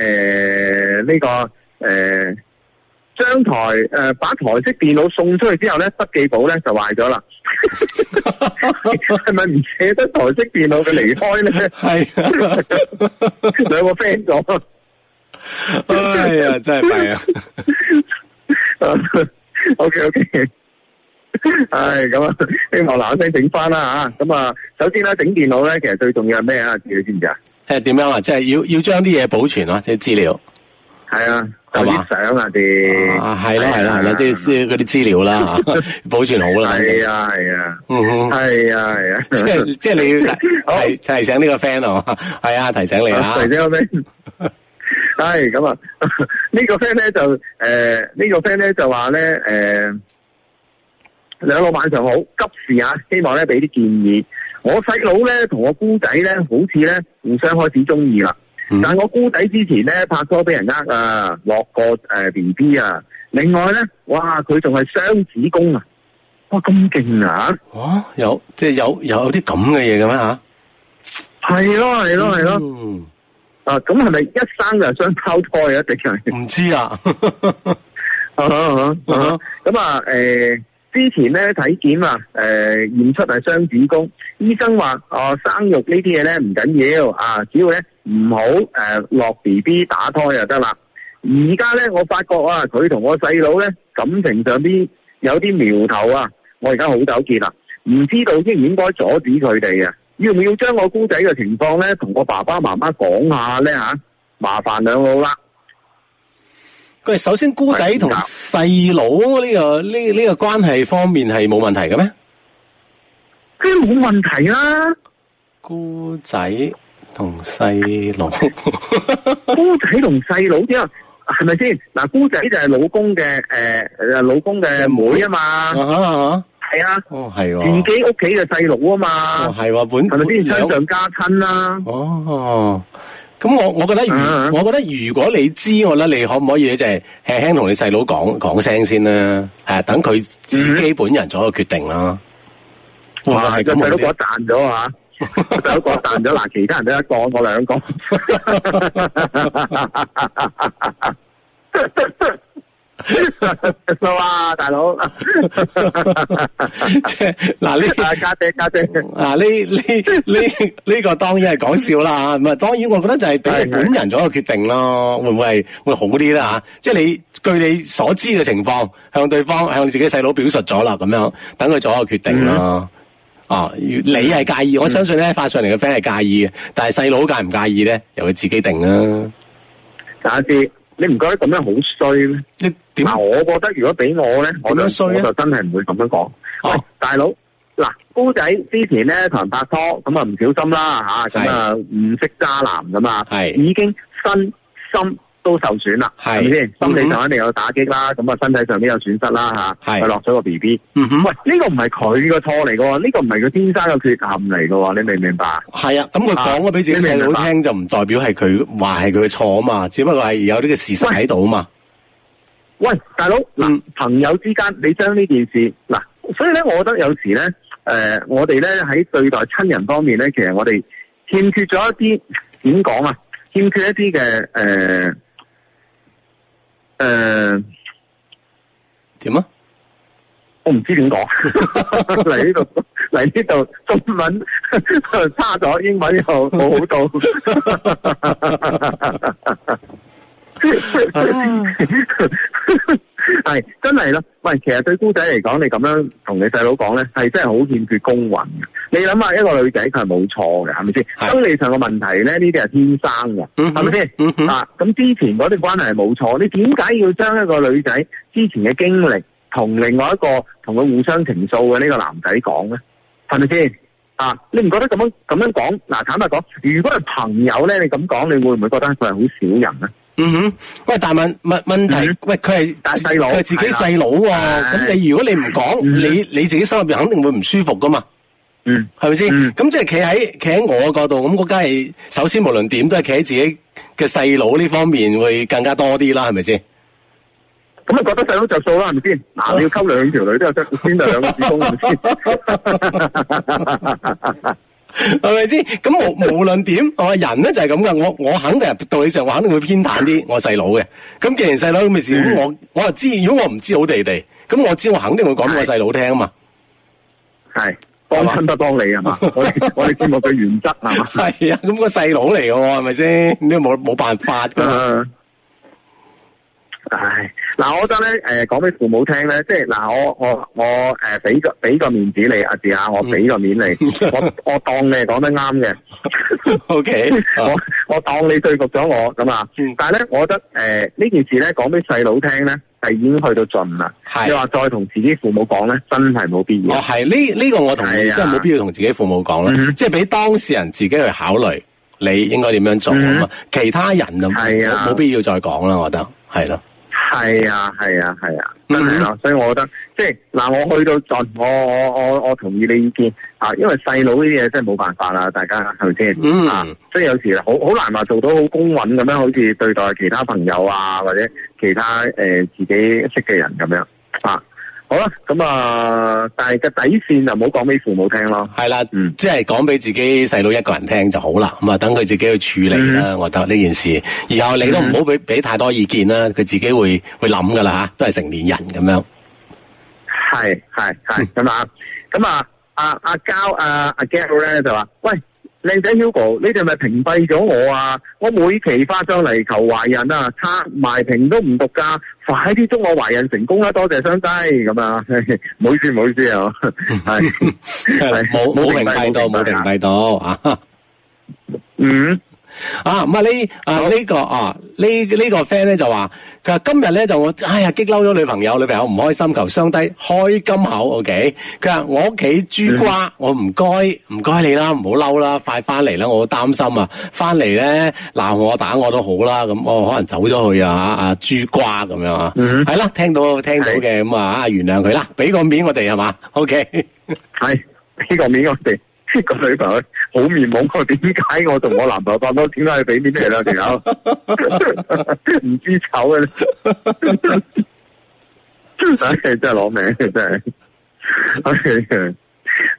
呢個誒。呃將台誒、呃，把台式電腦送出去之後咧，筆記簿咧就壞咗啦。係咪唔捨得台式電腦嘅離開咧？係 [laughs] 是、啊， [laughs] 兩個 friend 講。哎呀，真係唔係啊。 [laughs] [laughs] [laughs] OK OK，係咁啊，希望冷靜整翻啦啊。咁啊，首先咧整電腦咧，其、啊、實最重要係咩啊？自己知唔知啊，係點樣啊？即係要要將啲嘢保存啊，啲、就、資、是、料。係、嗯、啊。嗯是有啲相啊啲，係啦係啦係啦，即係嗰啲資料啦，就是、 [laughs] 保存好啦。係啊係啊，係啊係啊，即係即係你要提提醒呢個 friend 啊，係啊提醒你啊，提醒我 friend。 [laughs] 係咁啊，呃這個、呢個 friend 咧就誒呢個 friend 咧就話咧誒，兩、呃、個晚上好，急事啊，希望咧俾啲建議。我細佬咧同我姑仔咧，好似咧互相開始中意啦。嗯、但係我姑仔之前咧拍拖俾人呃啊落個誒 B B 啊，另外咧哇佢仲係雙子宮啊，哇咁勁啊！哦，有即係有有啲咁嘅嘢嘅咩吓？係咯係咯係咯啊！咁係咪一生就係雙胞胎啊？定係唔知啊， [laughs] [laughs] 啊？啊！咁啊誒～啊之前咧體檢啊，誒、呃、驗出係雙子宮，醫生話哦、呃、生育呢啲嘢咧唔緊要啊，只要咧唔好誒落 B B 打胎就得啦。而家咧我發覺啊，佢同我細佬咧感情上邊有啲苗頭啊，我而家好糾結啦，唔知道應唔應該阻止佢哋啊？要唔要將我姑仔嘅情況咧同我爸爸媽媽講下咧吓，麻煩兩老啦。佢首先姑仔同細佬呢個呢呢、這個這個關係方面係冇問題嘅咩？即係冇問題啦、啊。姑仔同細佬， [laughs] 姑仔同細佬啫，係咪先？嗱，姑仔就係老公嘅、誒、呃，老公嘅妹啊嘛。是啊啊，係啊，啊。哦，係喎、啊。自己屋企嘅細佬啊嘛。哦，係喎、啊，本係咪先？親上加親啦。哦。咁我我覺得如，uh -huh. 我覺得如果你知，我咧你可唔可以就係輕輕同你細佬講講聲先啦，係等佢自己本人做一個決定啦、uh -huh.。哇！咁、就、細、是、都哥彈咗啊，細佬哥彈咗，嗱， [laughs] 其他人都一個，我兩個。 [laughs] 哇 [laughs] 大佬！即係嗱，呢，家姐家姐。嗱，呢呢呢呢個當然係講笑啦吓，咁 [laughs] 啊當然我覺得就係俾本人做一個決定咯， [laughs] 會唔會係會好啲咧吓？即係你據你所知嘅情況，向對方向你自己細佬表述咗啦，咁樣等佢做一個決定咯、嗯啊。你係介意、嗯，我相信咧發上嚟嘅 friend 係介意嘅、嗯，但係細佬介唔介意咧，由佢自己定啦。假啲。你唔覺得咁樣好衰咩？你點解？我覺得如果俾我咧，我都就，就真係唔會咁樣講。哦、oh.，大佬，嗱，姑仔之前咧同人拍拖，咁啊唔小心啦吓，咁啊唔識渣男咁嘛，已經身心。都受損啦，係咪先？心理上肯定有打擊啦，咁、嗯、啊，身體上都有損失啦吓，係落咗個 B B。嗯哼，喂，呢、這個唔係佢嘅錯嚟嘅喎，呢、這個唔係佢天生嘅缺陷嚟嘅喎，你明唔、啊啊、明白？係啊，咁佢講咗俾自己細佬聽，就唔代表係佢話係佢嘅錯啊嘛，只不過係有呢個事實喺度啊嘛。喂，大佬嗱、嗯，朋友之間，你將呢件事嗱，所以咧，我覺得有時咧，誒、呃，我哋咧喺對待親人方面咧，其實我哋欠缺咗一啲點講啊，欠缺一啲嘅誒。呃誒，點啊？我唔知點講，嚟呢度嚟呢度，中文差咗，英文又冇好到。係。 [laughs] [laughs] [laughs] 真係咯，喂，其實對姑仔嚟講，你咁樣同你細佬講咧，係真係好欠缺公允嘅，你諗下，一個女仔佢係冇錯嘅，係咪先？生理上嘅問題咧，呢啲係天生嘅，係咪先？ [laughs] 啊，咁之前嗰啲關係係冇錯，你點解要將一個女仔之前嘅經歷同另外一個同佢互相情訴嘅呢個男仔講咧？係咪先？啊，你唔覺得咁樣咁樣講？嗱，啊，坦白講，如果係朋友咧，你咁講，你會唔會覺得佢係好小人咧？嗯哼，喂，但問問問題，嗯、喂，佢係大細佬，係自己細佬啊。咁你如果你唔講、嗯，你你自己心入邊肯定會唔舒服噶嘛。嗯，係咪先？咁、嗯、即係企喺企喺我角度，咁我梗係首先無論點都係企喺自己嘅細佬呢方面會更加多啲啦，係咪先？咁你覺得細佬著數啦，係咪先？嗱， [laughs] 你要溝兩條女都有得， [laughs] 先係兩個子宮，先？ [laughs] 係咪先？咁無無論點，我話人咧就係咁噶。我我肯定，道理上我肯定會偏袒啲我細佬嘅。咁既然細佬咁嘅事，咁 [laughs] 我我就知。如果我唔知道好地地，咁我知道我肯定會講俾我細佬聽啊嘛。係幫親不幫你啊嘛？我哋我哋尊重佢原則啊。係啊，咁個細佬嚟嘅係咪先？你冇冇辦法噶。Uh... 唉，嗱，我覺得咧，誒、呃，講俾父母聽咧，即係嗱，我我我，誒，俾、呃、個俾個面子你，阿志啊，我俾個面子你， [laughs] 我我當你係講得啱嘅，O K，我我當你說服咗我咁啊，但係咧，我覺得誒呢、呃、件事咧，講俾細佬聽咧，係已經去到盡啦、啊。你話再同自己父母講咧，真係冇必要。哦，係呢呢個我同你、啊、真係冇必要同自己父母講啦、啊，即係俾當事人自己去考慮，你應該點樣做啊其他人咁，冇冇、啊、必要再講啦，我覺得係咯。係啊，係啊，係啊，真係、啊 mm -hmm. 啊、所以我覺得即係嗱，我去到盡，我我我我同意你意見啊，因為細佬呢啲嘢真係冇辦法啦，大家係咪先啊？即係有時好好難話做到好公允咁樣，好似對待其他朋友啊，或者其他誒、呃、自己識嘅人咁樣啊。好啦，咁啊，但係個底線就唔好講俾父母聽咯。係啦、嗯，即係講俾自己細佬一個人聽就好啦。咁啊，等佢自己去處理啦、嗯。我覺得呢件事，然後你都唔好俾俾太多意見啦。佢自己會會諗噶啦吓，都係成年人咁樣。係係係咁啊，咁啊，阿阿交阿阿 Gerald 咧就話喂。靚仔 Hugo，你哋係咪屏蔽咗我啊！我每期發上嚟求懷孕啊，刷埋屏都唔讀噶，快啲祝我懷孕成功啦！多謝兄弟，咁啊，唔好意思唔好意思啊，係係冇屏蔽到，冇屏蔽到 [laughs] 嗯。啊，唔、啊呢個啊呢個、呢？啊呢個啊呢呢個 friend 咧就話佢話今日咧就我哎呀激嬲咗女朋友，女朋友唔開心，求相低開金口，OK？佢話我屋企豬瓜，我唔該唔該你啦，唔好嬲啦，快翻嚟啦，我好擔心啊，翻嚟咧鬧我打我都好啦，咁、哦、我可能走咗去啊啊豬瓜咁樣啊，係、啊、啦、嗯，聽到聽到嘅咁啊啊原諒佢啦，俾個面我哋係嘛，OK？係俾個面我哋。呢個女朋友好面懵，佢點解我同我男朋友講多？點解要俾啲咩咧？仲有唔知醜嘅、哎，真係攞命，真係。係、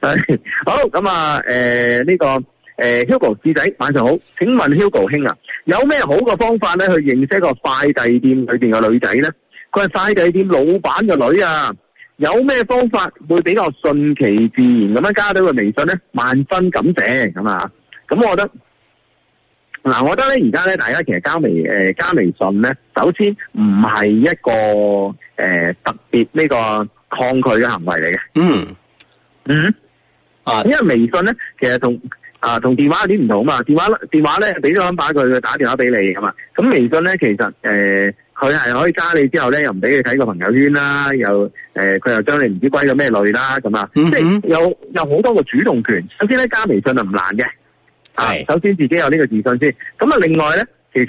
哎、係、哎、好咁啊！誒、呃、呢、這個誒、呃、Hugo 智仔，晚上好，請問 Hugo 兄啊，有咩好嘅方法咧去認識一個快遞店裏邊嘅女仔咧？佢係快遞店老闆嘅女啊。有咩方法會比較順其自然咁樣加到個微信咧？萬分感謝咁啊！咁我覺得嗱，我覺得咧而家咧，大家其實加微誒加微信咧，首先唔係一個誒特別呢個抗拒嘅行為嚟嘅。嗯嗯啊，因為微信咧，其實同啊同電話有啲唔同啊嘛。電話電話咧俾咗冧把佢，佢打電話俾你啊嘛。咁微信咧，其實誒。呃佢係可以加你之後咧，又唔俾你睇個朋友圈啦，又誒，佢、呃、又將你唔知歸咗咩類啦，咁啊，嗯嗯即係有有好多個主動權。首先咧加微信啊唔難嘅，係首先自己有呢個自信先。咁啊，另外咧，其實誒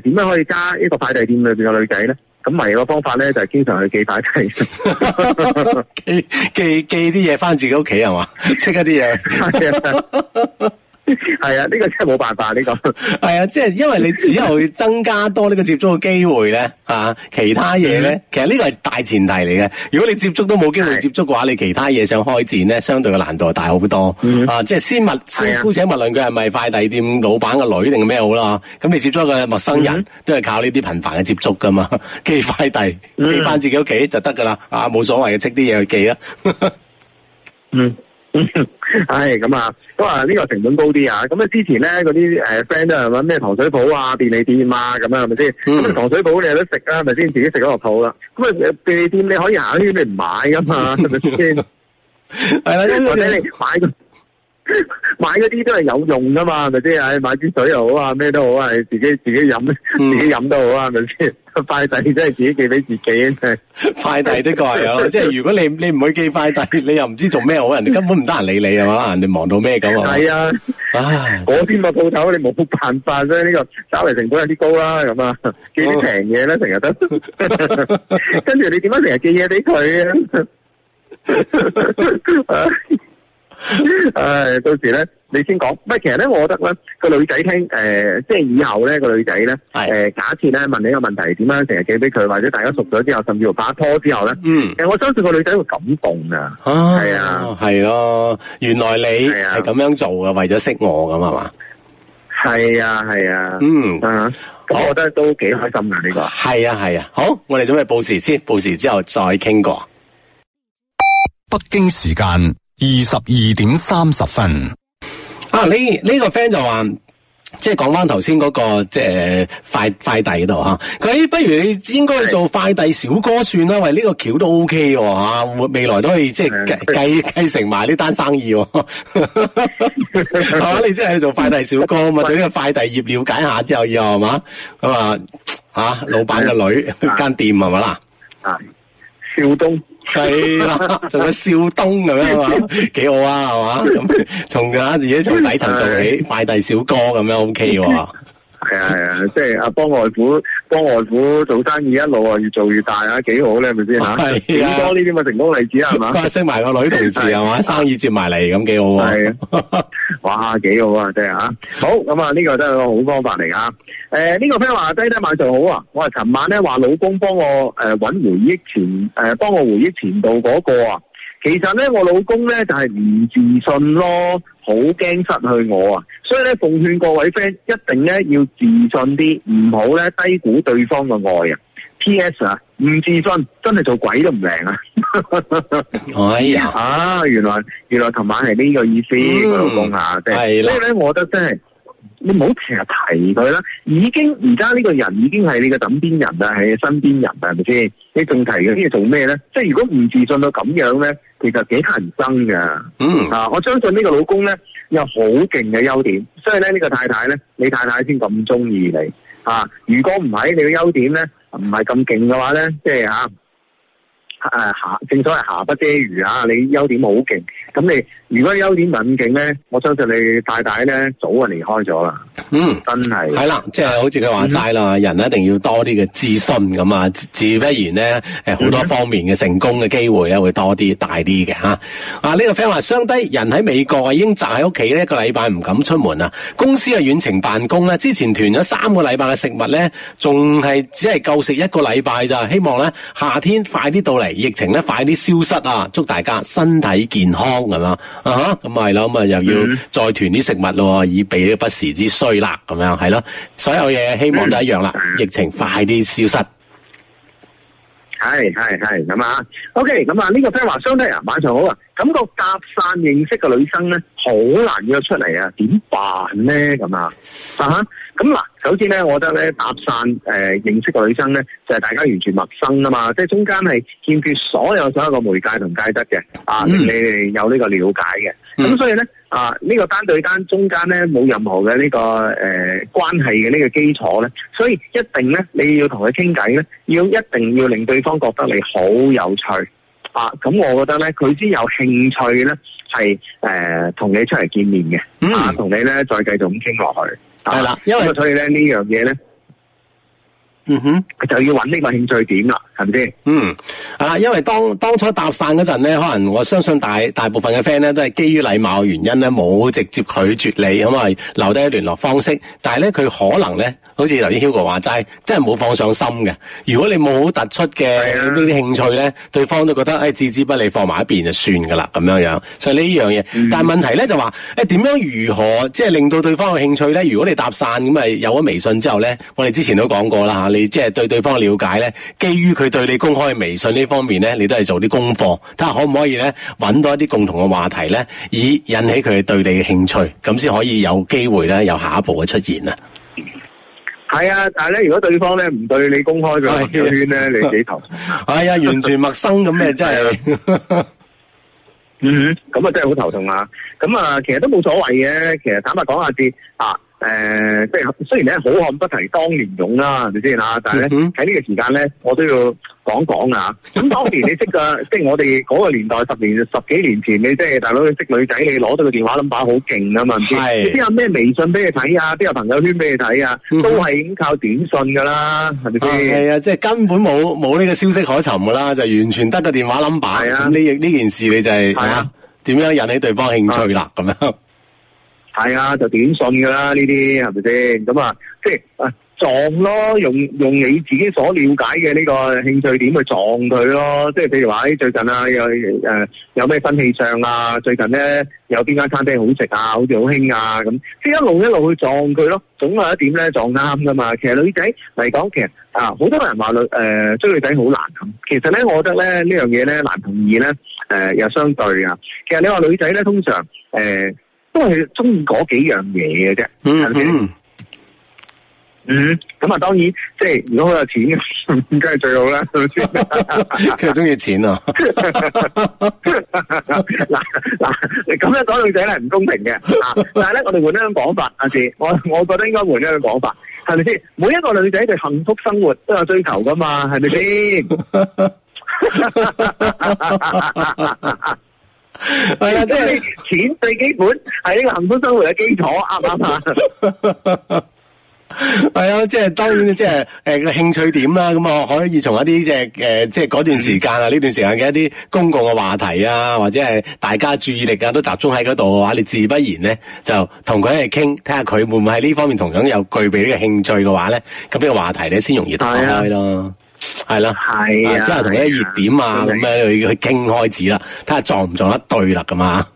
點、呃、樣可以加一個快遞店裏邊嘅女仔咧？咁唯個方法咧就係、是、經常去寄快遞， [laughs] [laughs] 寄寄寄啲嘢翻自己屋企係嘛，識一啲嘢。係 [laughs] 啊，呢、呢個真係冇辦法呢、呢個係 [laughs] 啊，即係因為你只有增加多呢個接觸嘅機會咧，啊，其他嘢咧，mm -hmm. 其實呢個係大前提嚟嘅。如果你接觸都冇機會接觸嘅話，你其他嘢想開展咧，相對嘅難度大好多。Mm -hmm. 啊，即係先物，mm -hmm. 先姑且勿論佢係咪快遞店老闆嘅女定咩好啦。咁你接觸一個陌生人，mm -hmm. 都係靠呢啲頻繁嘅接觸噶嘛。寄快遞，寄、mm、翻 -hmm. 自己屋企就得噶啦。啊，冇所謂嘅，即啲嘢去寄啊。嗯、 [laughs] mm。-hmm. 嗯、 [laughs] [laughs] 哎，係咁啊，都話呢個成本高啲啊，咁啊之前咧，嗰啲誒 friend 都係揾咩糖水鋪啊、便利店啊咁樣係咪先？咁啊、嗯、糖水鋪你有得食啊，係咪先？自己食咗落肚啦，咁啊便利店你可以行一圈你唔買噶、啊、嘛，係咪先？係 [laughs] 啦， [laughs] [laughs] [laughs] 或者你買個買嗰啲都係有用噶嘛，咪即係買支水又好啊，咩都好，啊，自己自己飲，自己飲都好啊，係咪先？快遞真係自己寄俾自己。快遞的確係啊， [laughs] 即係如果你你唔去寄快遞，你又唔知做咩好，人哋根本唔得人理你啊嘛、啊，人哋忙到咩咁啊？係啊，唉邊個鋪頭，啊、你冇辦法，所以呢個稍微成本有啲高啦，咁啊，嗯、 [laughs] [laughs] 寄啲平嘢咧，成日都跟住你，點解成日寄嘢俾佢啊？誒、 [laughs] uh，到時咧，你先講。其實咧，我覺得咧，個女仔聽誒、呃，即係以後咧，個女仔咧，誒、呃，假設咧問你個個問題是，點樣成日寄俾佢，或者大家熟咗之後，甚至乎拍拖之後咧，嗯，其實我相信個女仔會感動啊，係啊，係咯、啊，原來你係咁樣做㗎、啊，為咗識我咁係嘛？係啊，係啊，嗯啊，我覺得都幾開心噶呢、啊這個。係啊，係啊，好，我哋準備報時先，報時之後再傾過。北京時間。二十二點三十分啊！呢、啊、呢、這個 friend 就話，即係講翻頭先嗰個即係快快遞度吓，佢、啊、不如你應該做快遞小哥算啦，喂，呢、這個橋都 O K 喎吓，未來都可以即係繼繼繼承埋呢單生意喎、啊 [laughs] [laughs] 啊。你你係係做快遞小哥嘛， [laughs] 對呢個快遞業了解下之後又係嘛咁啊？吓、啊，老闆嘅女間 [laughs] [laughs] 店係咪啦？啊。少東 [laughs] 係啦，做有少東咁樣嘛，幾好啊，係嘛？咁從自己從底層做起，快遞小哥咁樣 O K 哇！OK [laughs] 係啊係啊，即係阿幫外父幫外父做生意一路啊，越做越大 [laughs] 啊，幾好咧，係咪先吓？幾多呢啲咁嘅成功例子啊？嘛，升埋個女同事係嘛、 [laughs] 啊，生意接埋嚟咁幾好喎。係啊，哇，幾好啊，即係啊，啊， [laughs] 啊，啊！好咁啊，呢個真係個好方法嚟啊！誒、呃，呢、這個 friend 話：，低低晚上好啊！我係尋晚咧話老公幫我誒、呃、揾回憶前，誒、呃、幫我回憶前度嗰個啊。其實咧我老公咧就係、是、唔自信咯。好驚失去我啊！所以咧，奉勸各位 friend，一定咧要自信啲，唔好咧低估對方嘅愛啊！P.S. 啊，唔自信真係做鬼都唔靚啊！哎呀啊，原來原來琴晚係呢個意思，佢老公啊，即係、就是、所以咧，我覺得真係你唔好成日提佢啦。已經而家呢個人已經係你嘅枕邊人啦，係你身邊人係咪先？你仲提佢啲嘢做咩咧？即係如果唔自信到咁樣咧？其實幾乞人憎噶，嗯啊，我相信呢個老公咧有好勁嘅優點，所以咧呢個太太咧，你太太先咁中意你啊。如果唔係你嘅優點咧，唔係咁勁嘅話咧，即係啊。誒、啊，正所謂瑕不掩瑜啊！你優點好勁，咁你如果優點唔係咁勁咧，我相信你大大咧早就離開咗啦。嗯，真係係啦，即係、就是、好似佢話齋啦，人一定要多啲嘅自信咁啊，自不然咧誒，好多方面嘅成功嘅機會咧會多啲大啲嘅吓。啊，呢、這個 friend 話相低人喺美國啊，已經宅喺屋企咧一個禮拜唔敢出門啊，公司啊遠程辦公啦。之前囤咗三個禮拜嘅食物咧，仲係只係夠食一個禮拜咋。希望咧夏天快啲到嚟。疫情咧快啲消失啊！祝大家身體健康，啊咁咪係咯，咁、uh、啊 -huh, 又要再囤啲食物咯，mm -hmm. 以備不時之需啦，咁樣係咯。所有嘢希望都一樣啦。Mm -hmm. 疫情快啲消失，係係係咁啊！OK，咁啊呢個飛話相聽人晚上好啊！咁個夾散認識嘅女生咧，好難約出嚟啊！點辦呢？咁、mm -hmm. 啊啊咁嗱，首先咧，我覺得咧搭訕誒認識個女生咧，就係大家完全陌生啊嘛，即係中間係欠缺所有所有個媒介同介質嘅，啊、嗯、令你哋有呢個了解嘅。咁、嗯、所以咧，啊呢、呢個單對單中間咧冇任何嘅呢、呢個誒、呃、關係嘅呢個基礎咧，所以一定咧你要同佢傾偈咧，要一定要令對方覺得你好有趣啊！咁我覺得咧，佢先有興趣咧係誒同你出嚟見面嘅，嗯、啊同你咧再繼續咁傾落去。係啦，因為所以咧呢樣嘢咧。嗯哼，佢就要揾呢個興趣點啦，係咪先？嗯，啊，因為當當初搭訕嗰陣咧，可能我相信大大部分嘅 friend 咧都係基於禮貌嘅原因咧，冇直接拒絕你，咁、嗯、啊留低聯絡方式。但係咧佢可能咧，好似劉曉哥話齋，真係冇放上心嘅。如果你冇突出嘅呢啲興趣咧、嗯，對方都覺得誒置之不理放埋一邊就算噶啦咁樣樣。所以呢樣嘢，但係問題咧就話誒點樣如何即係、就是、令到對方嘅興趣咧？如果你搭訕咁啊有咗微信之後咧，我哋之前都講過啦吓。你即係對對方嘅了解咧，基於佢對你公開嘅微信呢方面咧，你都係做啲功課，睇下可唔可以咧，揾到一啲共同嘅話題咧，以引起佢對你嘅興趣，咁先可以有機會咧，有下一步嘅出現啊。係啊，但係咧，如果對方咧唔對你公開嘅朋友圈咧、哎，你幾頭？係、哎、啊，完全陌生咁嘅， [laughs] 真係的。 [laughs] [laughs] 嗯，咁啊，真係好頭痛啊！咁啊，其實都冇所謂嘅。其實坦白講下先啊。誒、呃，即係雖然咧好漢不提當年勇啦，係咪先啊？但係咧喺呢、嗯、在這個時間咧，我都要講講啊。咁當年你識嘅， [laughs] 即係我哋嗰個年代，十年十幾年前，你即、就、係、是、大佬你識女仔，你攞到個電話 number 好勁啊嘛？邊有咩微信俾你睇啊？邊有朋友圈俾你睇啊？嗯、都係已經靠短信噶啦、啊，係咪先？係啊，即係根本冇冇呢個消息可尋噶啦，就完全得個電話 number。啊，呢呢件事你就係、是、點、啊、樣引起對方興趣啦？咁、啊、樣。係啊，就短信噶啦，呢啲係咪先？咁啊，是是即係啊，撞咯，用用你自己所了解嘅呢個興趣點去撞佢咯。即係譬如話最近啊，有誒、呃、有咩新氣象啊？最近咧有邊間餐廳好食啊？好似好興啊咁，即係一路一路去撞佢咯。總有一點咧撞啱噶嘛。其實女仔嚟講，其實啊，好多人話女誒、呃、追女仔好難。其實咧，我覺得咧呢樣嘢咧難同易咧誒又相對啊。其實你話女仔咧通常誒。呃都係中意嗰幾樣嘢嘅啫，係咪先？嗯，咁啊，嗯、當然，即係如果好有錢嘅，梗係最好啦，係咪先？佢又中意錢啊！嗱嗱，你咁樣講女仔咧唔公平嘅。 [laughs] 但係咧，我哋換一種講法，阿志，我我覺得應該換一種講法，係咪先？每一個女仔對幸福生活都有追求噶嘛，係咪先？ [laughs] [laughs] 係啊，即 [noise] 係、 [noise] 就是、錢最基本係呢個幸福生活嘅基礎，啱唔啱？係 [laughs] 啊，即係當然，即係誒個興趣點啦。咁啊，可以從一啲即係誒，即係嗰段時間啊，呢段時間嘅一啲公共嘅話題啊，或者係大家注意力啊，都集中喺嗰度嘅話，你自不然咧就同佢一齊傾，睇下佢會唔會喺呢方面同樣有具備呢個興趣嘅話咧，咁呢個話題咧先容易打開咯。係啦，係啊，即係同一熱點啊咁樣去去傾開始啦，睇下撞唔撞得對啦，咁啊。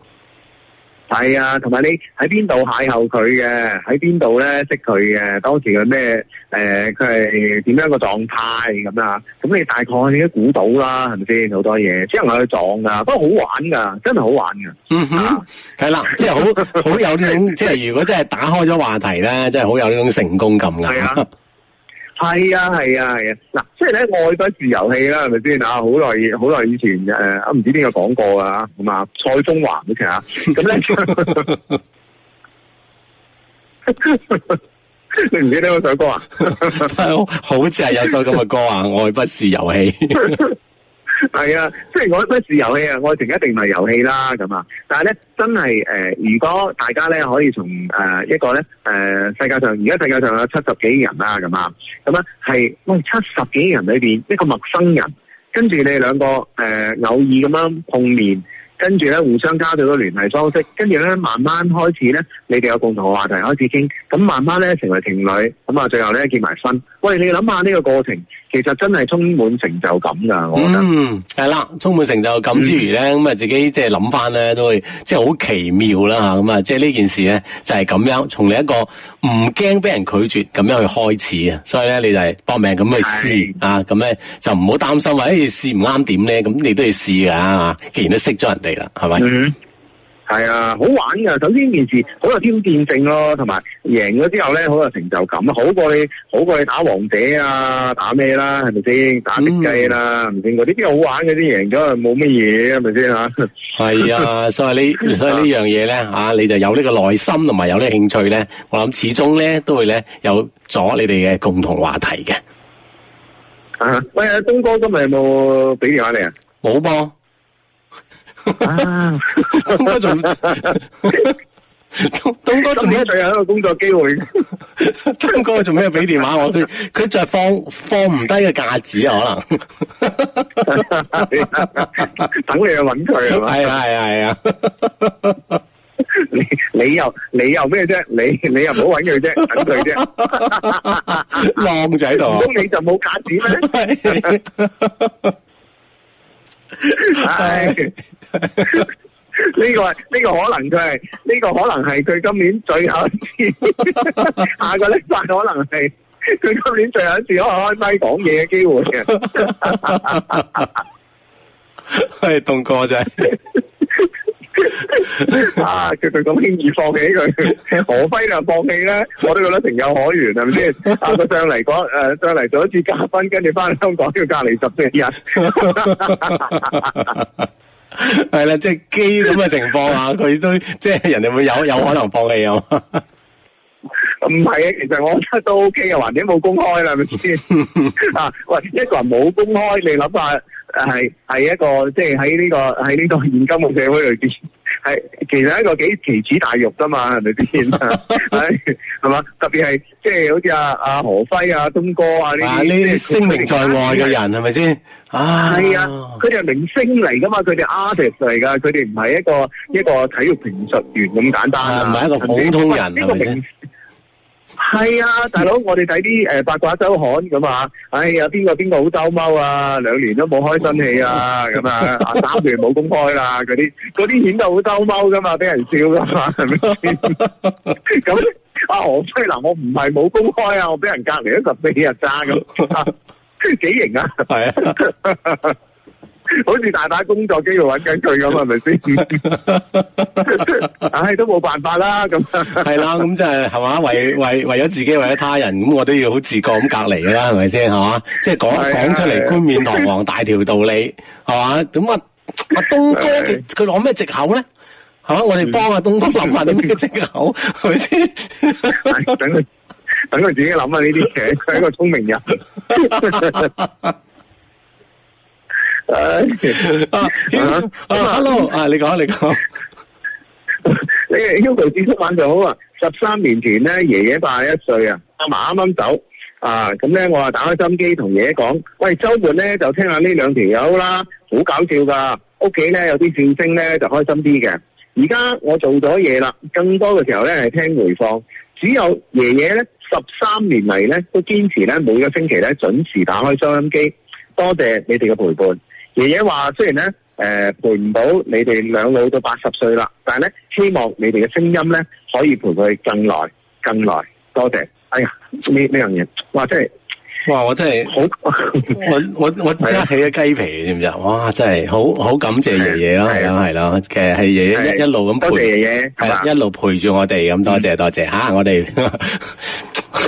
係啊，同埋你喺邊度邂逅佢嘅，喺邊度咧識佢嘅，當時佢咩誒，佢係點樣個狀態咁啊？咁你大概已經估到啦，係咪先？好多嘢，只係去撞㗎，不過好玩噶，真係好玩噶。嗯，係、啊、啦，即係好好有呢種， [laughs] 即係如果真係打開咗話題咧，即係好有呢種成功感噶。係啊，係啊，係啊，嗱，所以咧愛不是遊戲啦，係咪先啊？好耐好耐以前誒，唔知邊個講過啊，咁啊蔡中華其實，咁咧你唔記得有首歌啊？好似係有首咁嘅歌啊，愛不是遊戲。係啊，即係我咩事遊戲啊？愛情一定係遊戲啦咁啊！但係咧，真係誒、呃，如果大家咧可以從誒、呃、一個咧誒、呃、世界上，而家世界上有七十幾億人啦咁啊，咁啊係喂，七十幾億人裏邊一個陌生人，跟住你哋兩個誒、呃、偶爾咁樣碰面。跟住咧，互相加咗個聯繫方式，跟住咧，慢慢開始咧，你哋有共同嘅話題，開始傾，咁慢慢咧成為情侶，咁啊，最後咧結埋婚。喂，你諗下呢個過程，其實真係充滿成就感噶。我覺得。嗯，係啦，充滿成就感之餘咧，咁、嗯、啊，自己即係諗翻咧，都會即係好奇妙啦。咁啊，即係呢件事咧就係咁樣，從你一個唔驚俾人拒絕咁樣去開始啊。所以咧，你就係搏命咁去試啊，咁咧就唔好擔心話、哎、你啊，誒，試唔啱點咧，咁你都要試噶。既然都識咗人哋。係咪？嗯，係啊，好玩噶首先件事好有挑戰性咯，同埋贏咗之後咧，好有成就感，好過你，好過你打王者啊，打咩啦，啊，係咪先？打食雞啦，唔知嗰啲邊好玩嘅先，贏咗冇乜嘢，係咪先啊？係啊，所以呢，所以呢樣嘢咧，你就有呢個耐心同埋有呢興趣咧，我諗始終咧都會咧有咗你哋嘅共同話題嘅。啊，喂，東哥今日有冇俾電話你啊？冇噃。東哥仲東東哥仲咩？最後一個工作機會，東哥仲咩？俾電話我，佢佢在放放唔低個架子，可能等你去搵佢係嘛？係係係啊！你你又你又咩啫？你你又唔好搵佢啫，等佢啫。浪仔喺度你就冇架子咩？係 [laughs] 呢、哎 [laughs] 這個呢、這個可能佢係呢個可能係佢今年最後一次， [laughs] 下個禮拜可能係佢今年最後一次可以開麥講嘢嘅機會嘅、 [laughs] [laughs] [laughs] [laughs] [laughs] 哎。係東哥仔。 [laughs] [laughs] 啊！叫佢咁輕易放棄佢，何輝就放棄咧，我都覺得情有可原，係咪先？啊，佢上嚟講，誒，上嚟做一次嘉賓，跟住翻香港要隔離十四日，係 [laughs] 啦， [laughs] 即、就、係、是、基於咁嘅情況啊，佢都即係人哋會有有可能放棄啊？唔係啊，其實我覺得都 OK 嘅，環境冇公開啦，係咪先？啊，喂，一個人冇公開，你諗下。係係一個即係喺呢個喺呢個現今嘅社會裏邊，係其實係一個幾奇恥大辱噶嘛，係咪先？係係嘛？特別係即係好似阿阿何輝、啊、阿東哥啊呢啲，呢啲聲名在外嘅人係咪先？啊，係啊，佢哋係明星嚟噶嘛，佢哋 artist 嚟噶，佢哋唔係一個一個體育評述員咁簡單，唔、啊、係一個普通人，呢、呢個名。係啊，大佬，我哋睇啲誒八卦周刊咁啊，哎呀，邊個邊個好兜踎啊，兩年都冇開新戲啊，咁啊，打完冇公開啦，嗰啲嗰啲演就好兜踎噶嘛，俾人笑噶嘛，係咪先？咁啊，我衰嗱，我唔係冇公開啊，我俾人隔離咗十四日渣咁，幾型啊，係啊。 [laughs] 帥 [laughs] 是 [laughs] [laughs] 好似大把工作機會揾緊佢咁係咪先？唉、 [laughs] [laughs] 哎，都冇辦法啦，咁係啦，咁即係係嘛，為為為咗自己，為咗他人，咁我都要好自覺咁隔離噶啦，係咪先？係 [laughs] 嘛，即係講講出嚟冠冕堂皇 [laughs] 大條道理，係嘛？咁阿阿東哥佢攞咩借口咧？係嘛？我哋幫阿東哥諗下啲咩借口，係咪先？等佢等佢自己諗下呢啲嘅。佢係一個聰明人。 [laughs] 誒、 [laughs] 啊、 [laughs] ，h e l l o 啊，你講，你講， [laughs] 你要求子孫玩就好爺爺媽媽啊！十三年前咧，爺爺八十一歲啊，阿嫲啱啱走啊，咁咧我話打開收音機同爺爺講，喂，周末咧就聽下呢兩條友啦，好搞笑噶，屋企咧有啲笑聲咧就開心啲嘅。而家我做咗嘢啦，更多嘅時候咧係聽回放，只有爺爺咧十三年嚟咧都堅持咧每個星期咧準時打開收音機，多謝你哋嘅陪伴。爺爺話：雖然咧，誒、呃，陪唔到你哋兩老到八十歲啦，但係咧，希望你哋嘅聲音咧，可以陪佢更耐、更耐。多謝，哎呀，呢呢樣嘢，哇，真係，哇，我真係好，啊、我我我即刻起咗雞皮，知唔知？哇，真係好，好感謝爺爺咯，係咯，係咯，其實係爺爺一一路咁陪爺爺，係啦，一路陪住我哋，咁多謝，嗯、多謝吓、啊，我哋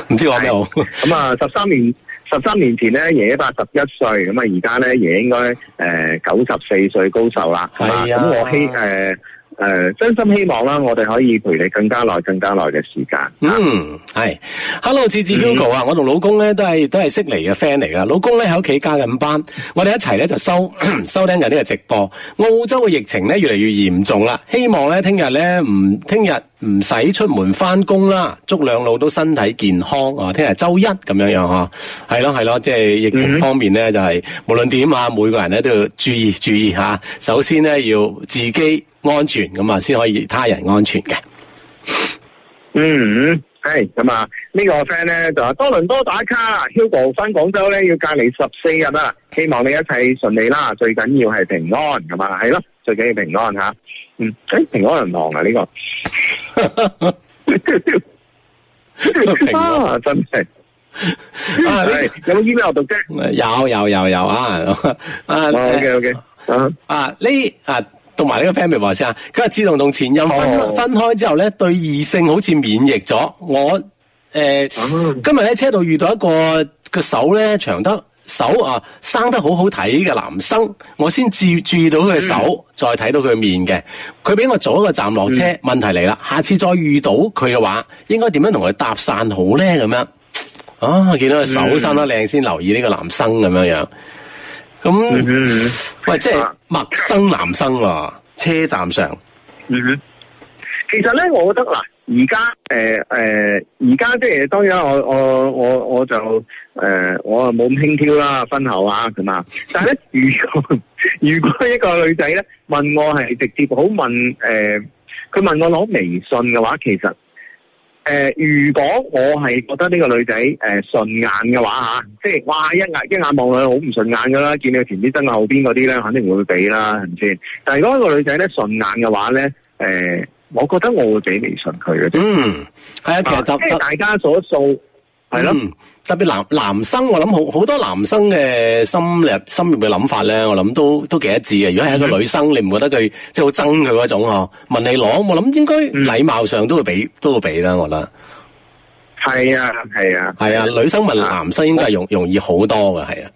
唔 [laughs] 知我咩好，咁、嗯、啊，十三年。十三年前咧，爺爺八十一歲，咁啊而家咧，爺爺應該誒九十四歲高壽啦。係啊，咁我希誒誒，真心希望啦，我哋可以陪你更加耐、更加耐嘅時間。嗯，係、啊。Hello，次次 Hugo 啊，我同老公咧都係都係悉尼嚟嘅 friend 嚟噶，老公咧喺屋企加緊班，我哋一齊咧就收 [coughs] 收聽緊呢個直播。澳洲嘅疫情咧越嚟越嚴重啦，希望咧聽日咧唔聽日，唔使出門翻工啦，祝兩老都身體健康啊！聽日周一咁樣樣係係咯係咯，即係、就是、疫情方面咧，mm-hmm. 就係、是、無論點啊，每個人咧都要注意注意吓。首先咧要自己安全咁啊，先可以他人安全嘅。嗯，係咁啊，呢個 friend 咧就話多倫多打卡，Hugo 翻廣州咧要隔離十四日啦希望你一切順利啦，最緊要係平安，係嘛？係咯，最緊要平安吓。嗯，誒，平安人行啊，呢、這個、 [laughs] 啊啊、真係、啊啊啊。有冇 email、這個、有有有有啊！啊，OK OK。啊，呢啊，讀埋呢個 family WhatsApp 佢話自動同前任分、oh. 分開之後咧，對異性好似免疫咗。我誒，呃 uh -huh. 今日喺車度遇到一個個手咧長得。手啊，生得好好睇嘅男生，我先至注意到佢嘅手，嗯、再睇到佢面嘅。佢俾我早一個站落車，嗯，問題嚟啦。下次再遇到佢嘅話，應該點樣同佢搭訕好咧？咁樣，啊，見到佢手生得靚，先、嗯、留意呢個男生咁樣樣。咁、嗯嗯嗯嗯，喂，即係陌生男生喎、啊，車站上。嗯，嗯，其實咧，我覺得嗱。而家，誒、呃、誒，而家即係當然我，我我我我就誒、呃，我啊冇咁輕佻啦，婚後啊咁啊。但係咧，如果如果一個女仔咧問我係直接好問，誒、呃，佢問我攞微信嘅話，其實誒、呃，如果我係覺得呢個女仔誒、呃、順眼嘅話即係哇一眼一眼望落去好唔順眼噶啦，見到前啲跟住後邊嗰啲咧，肯定唔會俾啦，係咪先？但係如果一個女仔咧順眼嘅話咧，誒、呃。我覺得我會俾微信佢啲。嗯，係啊，其實、就是、大家所做係咯、嗯。特別男男生，我諗好好多男生嘅心理心入面嘅諗法咧，我諗都都幾一致嘅。如果係一個女生，嗯、你唔覺得佢即係好憎佢嗰種啊、嗯？問你攞，我諗應該禮貌上都會俾、嗯、都會俾啦。我覺得。係、嗯、啊，係啊，係啊，女生問男生應該係容容易好多嘅，係啊。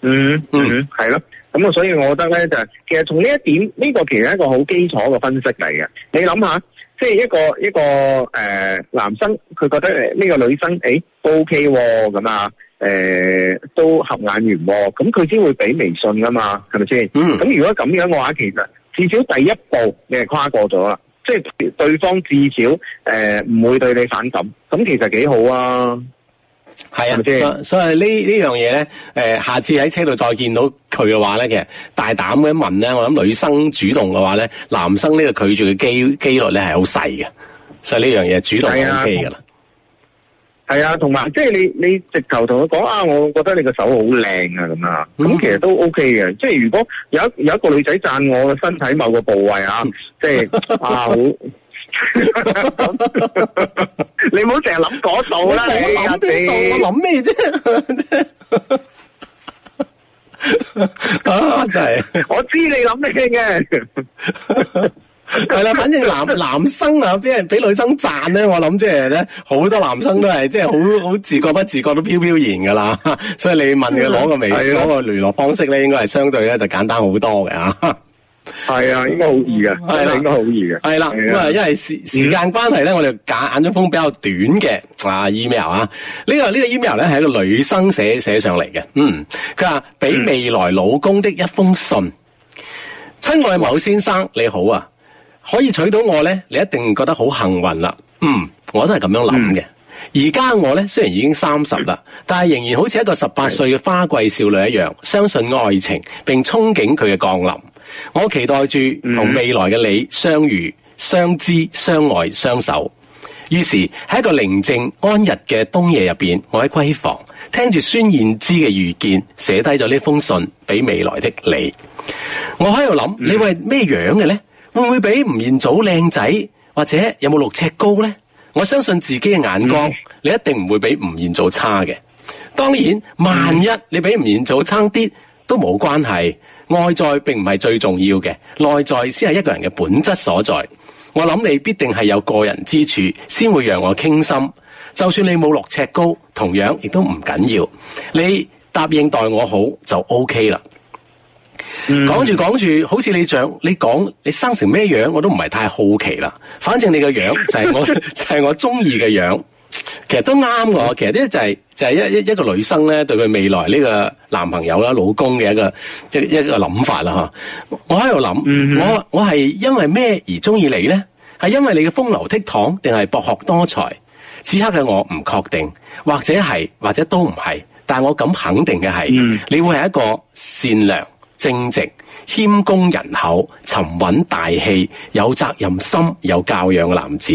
嗯嗯，係咯。咁、嗯、啊，所以我覺得咧，就其實從呢一點，呢、這個其實係一個好基礎嘅分析嚟嘅。你諗下，即係一個一個誒、呃、男生，佢覺得呢個女生誒 OK 咁啊，誒、呃、都合眼緣、啊，咁佢先會俾微信噶嘛，係咪先？嗯。咁如果咁樣嘅話，其實至少第一步你係跨過咗啦，即係對方至少誒唔、呃、會對你反感，咁其實幾好啊。係啊，所所以，所以呢呢樣嘢咧，誒、呃，下次喺車度再見到佢嘅話咧，其實大膽咁問咧，我諗女生主動嘅話咧，男生呢個拒絕嘅機機率咧係好細嘅，所以呢樣嘢主動係 O K 噶啦。係啊，同埋、啊、即係你你直頭同佢講啊，我覺得你個手好靚啊咁啊，咁其實都 O K 嘅。即係如果有一有一個女仔讚我嘅身體某個部位啊，即、就、係、是、 [laughs] 啊。 [laughs] [laughs] 你唔好成日諗嗰度啦，你我諗呢度，我諗咩啫？啊，就係、是、 [laughs] 我知你諗啲嘢嘅，係 [laughs] 啦。 [laughs] 反正男男生啊，俾人俾女生讚咧，我諗即係咧，好多男生都係即係好好自覺不自覺都飄飄然噶啦。所以你問佢攞個微，攞、 [laughs] 個聯絡方式咧，應該係相對咧就簡單好多嘅啊。係啊，應該好易嘅，係啦，應該好易嘅，係啦。咁啊，因為時時間關係咧、嗯，我哋揀揀咗封比較短嘅啊 email 啊、嗯。呢個呢個 email 咧係一個女生寫寫上嚟嘅。嗯，佢話俾未來老公的一封信，親、嗯、愛某先生，你好啊，可以娶到我咧，你一定覺得好幸運啦、啊。嗯，我都係咁樣諗嘅。嗯而家我咧雖然已經三十啦，但係仍然好似一個十八歲嘅花季少女一樣，相信愛情並憧憬佢嘅降臨。我期待住同未來嘅你相遇、相知、相愛、相守。於是喺一個寧靜安逸嘅冬夜入邊，我喺閨房聽住孫燕姿嘅遇見，寫低咗呢封信俾未來的你。我喺度諗，你會係咩樣嘅呢？會唔會比吳彥祖靚仔，或者有冇六尺高呢？我相信自己嘅眼光，你一定唔會比吳彥祖差嘅。當然，萬一你比吳彥祖差啲都冇關係。外在並唔係最重要嘅，內在先係一個人嘅本質所在。我諗你必定係有個人之處，先會讓我傾心。就算你冇六尺高，同樣亦都唔緊要。你答應待我好就 OK 啦。講住講住，好似你長你講你生成咩樣，我都唔係太好奇啦。反正你個樣就係我 [laughs] 就係我中意嘅樣，其實都啱我。其實呢就係、是、就係、是、一一一個女生咧，對佢未來呢個男朋友啦、老公嘅一個即係、就是、一個諗法啦。吓，我喺度諗，我我係因為咩而中意你呢？係因為你嘅風流倜儻，定係博學多才？此刻嘅我唔確定，或者係或者都唔係。但係我敢肯定嘅係，mm -hmm. 你會係一個善良、正直、謙恭、人厚、沉穩、大氣、有責任心、有教養嘅男子，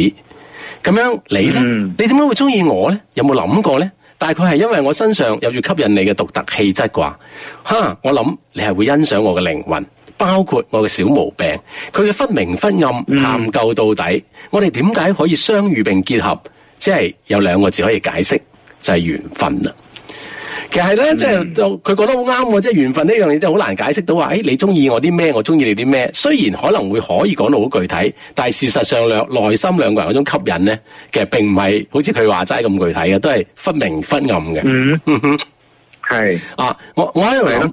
咁樣你呢？你點解會中意我呢？有冇諗過呢？大概係因為我身上有住吸引你嘅獨特氣質啩？吓，我諗你係會欣賞我嘅靈魂，包括我嘅小毛病，佢嘅忽明忽暗，探究到底，嗯、我哋點解可以相遇並結合？即係有兩個字可以解釋，就係、是、緣分啦。其實係咧，即係佢覺得好啱喎，即係緣分呢樣嘢真係好難解釋到話，誒、哎，你中意我啲咩，我中意你啲咩。雖然可能會可以講到好具體，但係事實上兩內心兩個人嗰種吸引咧，其實並唔係好似佢話齋咁具體嘅，都係忽明忽暗嘅。係、嗯、啊，我我喺度諗，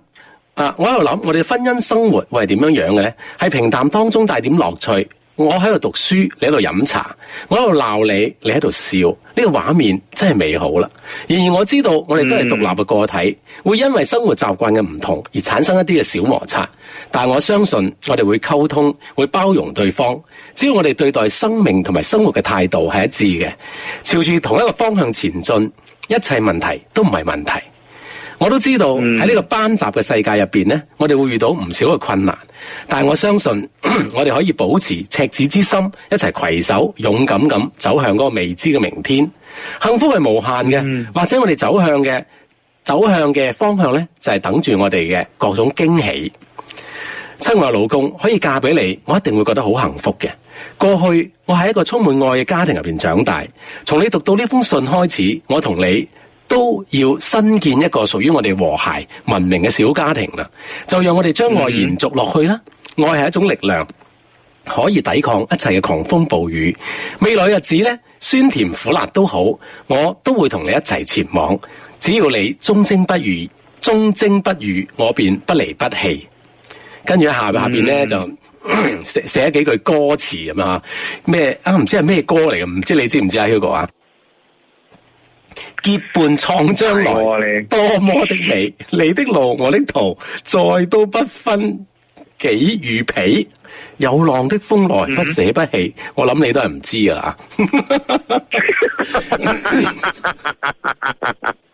啊，我喺度諗，我哋、嗯啊、婚姻生活會係點樣樣嘅咧？喺平淡當中，帶點樂趣？我喺度讀書，你喺度飲茶，我喺度鬧你，你喺度笑，呢個畫面真係美好啦。然而我知道我哋都係獨立嘅個體，嗯，會因為生活習慣嘅唔同而產生一啲嘅小摩擦，但我相信我哋會溝通，會包容對方。只要我哋對待生命同埋生活嘅態度係一致嘅，朝住同一個方向前進，一切問題都唔係問題。我都知道喺呢、嗯、個班集嘅世界入邊呢，我哋會遇到唔少嘅困難，但係我相信我哋可以保持赤子之心，一齊攜手勇敢咁走向嗰個未知嘅明天。幸福係無限嘅、嗯，或者我哋走向嘅走向嘅方向呢，就係、是、等住我哋嘅各種驚喜。親愛老公，可以嫁俾你，我一定會覺得好幸福嘅。過去我喺一個充滿愛嘅家庭入邊長大，從你讀到呢封信開始，我同你。都要新建一個屬於我哋和諧文明嘅小家庭啦，就讓我哋將愛延續落去啦。愛、嗯、係一種力量，可以抵抗一切嘅狂風暴雨。未來日子咧，酸甜苦辣都好，我都會同你一齊前往。只要你忠貞不渝，忠貞不渝，我便不離不棄。跟住下下邊咧，就寫寫 [coughs] 幾句歌詞咁啊，咩啊唔知係咩歌嚟嘅，唔知你知唔知阿 Hugo 啊？這個結伴創將來，多麼的美！你的路，我的途，再都不分己與彼。有浪的風來，不捨不棄、嗯。我諗你都係唔知㗎啦 [laughs] [laughs] [laughs]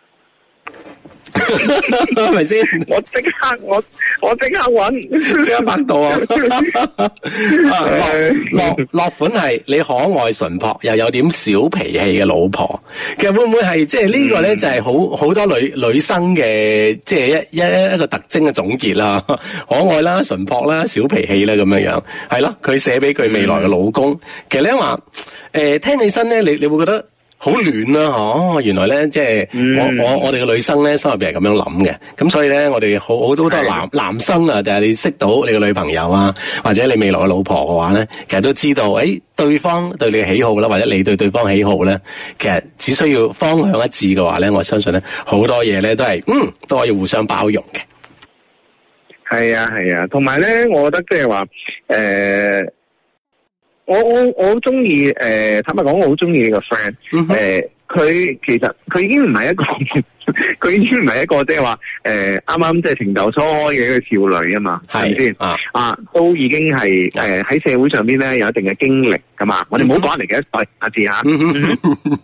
係咪先？我即刻我我即刻搵，即刻百度啊， [laughs] [laughs] 啊！落、呃、落款係你可愛純、純樸又有點小脾氣嘅老婆，其實會唔會係即係呢個咧？就係、是、好好多女女生嘅即係一一,一,一個特徵嘅總結啦、啊！可愛啦，純樸啦，小脾氣啦，咁樣樣係咯。佢寫俾佢未來嘅老公，嗯、其實你話誒，聽起身咧，你你會覺得？好亂啦，原來咧，即、嗯、係我我我哋嘅女生咧，心入邊係咁樣諗嘅。咁所以咧，我哋好好好多男男生啊，就係你識到你嘅女朋友啊，或者你未來嘅老婆嘅話咧，其實都知道，誒、欸，對方對你嘅喜好啦，或者你對對方喜好咧，其實只需要方向一致嘅話咧，我相信咧，好多嘢咧都係，嗯，都可以互相包容嘅。係啊，係啊，同埋咧，我覺得即係話，誒、呃。我我我好中意，誒，坦白講我好中意呢個 friend。誒、嗯，佢、呃、其實佢已經唔係一個，佢已經唔係一個即係話誒，啱啱，即係情竇初開嘅一個少女啊嘛，係咪先啊？都已經係誒喺社會上邊咧有一定嘅經歷，㗎嘛、嗯。我哋唔好講嚟嘅，喂、嗯，阿志吓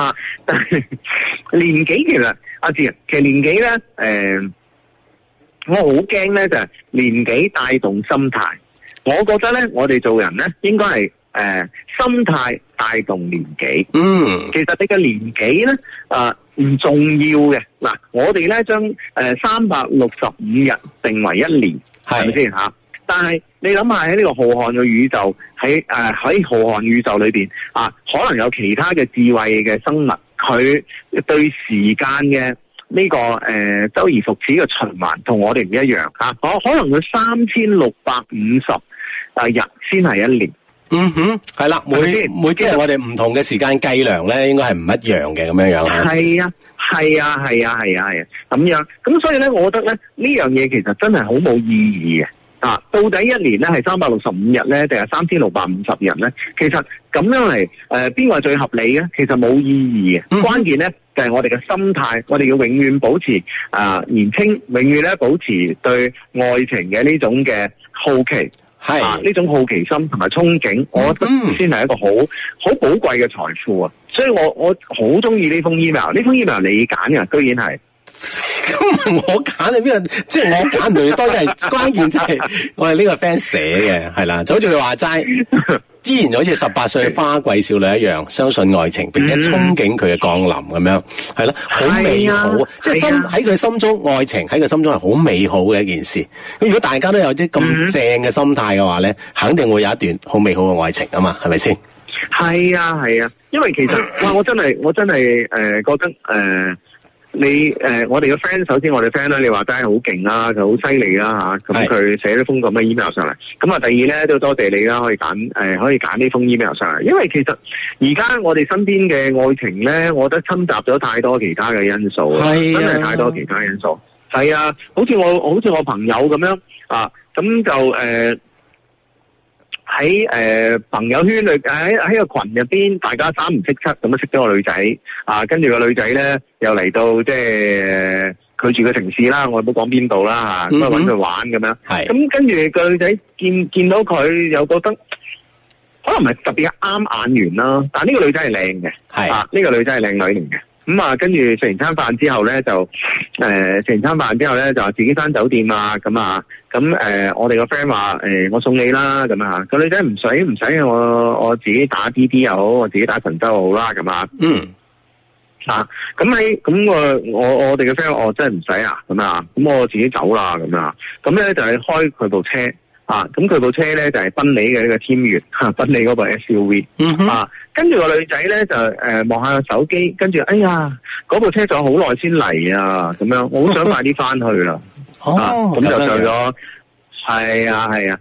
吓，但係年紀其實阿志、啊，其實年紀咧，誒、呃，我好驚咧就係年紀帶動心態。我覺得咧，我哋做人咧，應該係誒心態帶動年紀。嗯，其實你嘅年紀咧，誒、呃、唔重要嘅。嗱，我哋咧將誒三百六十五日定為一年，係咪先吓？但係你諗下喺呢個浩瀚嘅宇宙，喺誒喺浩瀚宇宙裏邊啊，可能有其他嘅智慧嘅生物，佢對時間嘅呢個誒、呃、周而復始嘅循環，同我哋唔一樣我、啊、可能佢三千六百五十一日先係一年，嗯哼，係啦，每每日我哋唔同嘅時間計量咧，應該係唔一樣嘅咁樣樣啦。係啊，係啊，係啊，係啊，係咁、啊啊啊、樣。咁所以咧，我覺得咧呢樣嘢其實真係好冇意義嘅。啊，到底一年咧係三百六十五日咧，定係三千六百五十日咧？其實咁樣嚟誒，邊、呃、個最合理咧？其實冇意義嘅、嗯。關鍵咧就係、是、我哋嘅心態，我哋要永遠保持啊、呃、年輕，永遠咧保持對愛情嘅呢種嘅好奇。係呢、啊、種好奇心同埋憧憬、嗯，我覺得先係一個好好寶貴嘅財富啊！所以我我好中意呢封 email。呢封 email 你揀嘅，居然係。咁 [laughs] 我揀你邊個？即係我揀唔同嘢多，就係關鍵就係我係呢個 friend 寫嘅，係啦。就好似佢話齋，依然就好似十八歲花季少女一樣，相信愛情，並且憧憬佢嘅降臨咁樣，係啦，好美好。係即係心喺佢心中，愛情喺佢心中係好美好嘅一件事。咁如果大家都有啲咁正嘅心態嘅話咧，肯定會有一段好美好嘅愛情啊嘛，係咪先？係啊係啊，因為其實哇，我真係我真係誒、呃、覺得誒。呃你誒、呃，我哋嘅 friend，首先我哋 friend 咧，你話真係好勁啦，佢好犀利啦吓。咁佢寫咗封咁嘅 email 上嚟。咁啊，第二咧都多謝你啦，可以揀誒、呃，可以揀呢封 email 上嚟。因為其實而家我哋身邊嘅愛情咧，我覺得侵襲咗太多其他嘅因素啊，真係太多其他因素。係啊，啊，好似我好似我朋友咁樣啊，咁就誒。呃喺誒、呃、朋友圈裏喺喺個群入邊，大家三唔識七咁樣識咗個女仔啊，跟住個女仔咧又嚟到即係佢住嘅城市啦，我唔好講邊度啦吓，咁啊揾佢玩咁樣。係咁跟住個女仔見見到佢又覺得可能唔係特別啱眼緣啦，但係呢個女仔係靚嘅，係啊呢、這個女仔係靚女型嘅。咁啊，跟住食完餐飯之後咧，就誒食完餐飯之後咧，就自己返酒店啊。咁啊，咁誒、呃，我哋個 friend 話誒，我送你啦。咁啊，個女仔唔使唔使，我我自己打滴滴又好，我自己打神州又好啦。咁啊，嗯，咁、啊、你，咁我我哋嘅 friend，我真係唔使啊。咁啊，咁我自己走啦。咁啊，咁咧就係、是、開佢部車。啊，咁佢部車咧就係賓利嘅呢個添越，吓賓利嗰部 SUV，嗯哼，跟住個女仔咧就誒望下個手機，跟住，哎呀，嗰部車仲好耐先嚟啊，咁樣，我好想快啲翻去啦，咁就上咗，係啊係啊，即、啊、係、啊啊啊啊啊、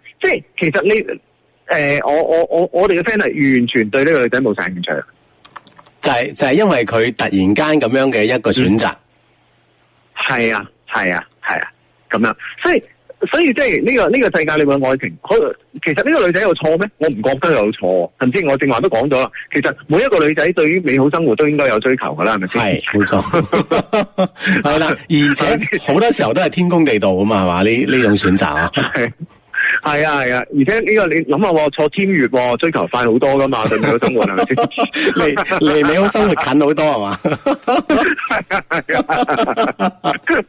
其實你誒、呃，我我我我哋嘅 friend 係完全對呢個女仔冇晒興趣。就係、是、就係、是、因為佢突然間咁樣嘅一個選擇，係啊係啊係啊，咁、啊啊啊、樣，所以。所以即係呢、這個呢、這個世界裏邊愛情，佢其實呢個女仔有錯咩？我唔覺得有錯。甚至我正話都講咗啦，其實每一個女仔對於美好生活都應該有追求噶啦，係咪先？係冇錯，係啦。 [laughs] [laughs] 而且好多時候都係天公地道啊嘛，係嘛？呢呢種選擇啊，係係啊係啊。而且呢、這個你諗下，坐天月喎，追求快好多噶嘛，對美好生活係咪先？離離 [laughs] 美好生活近好多係嘛？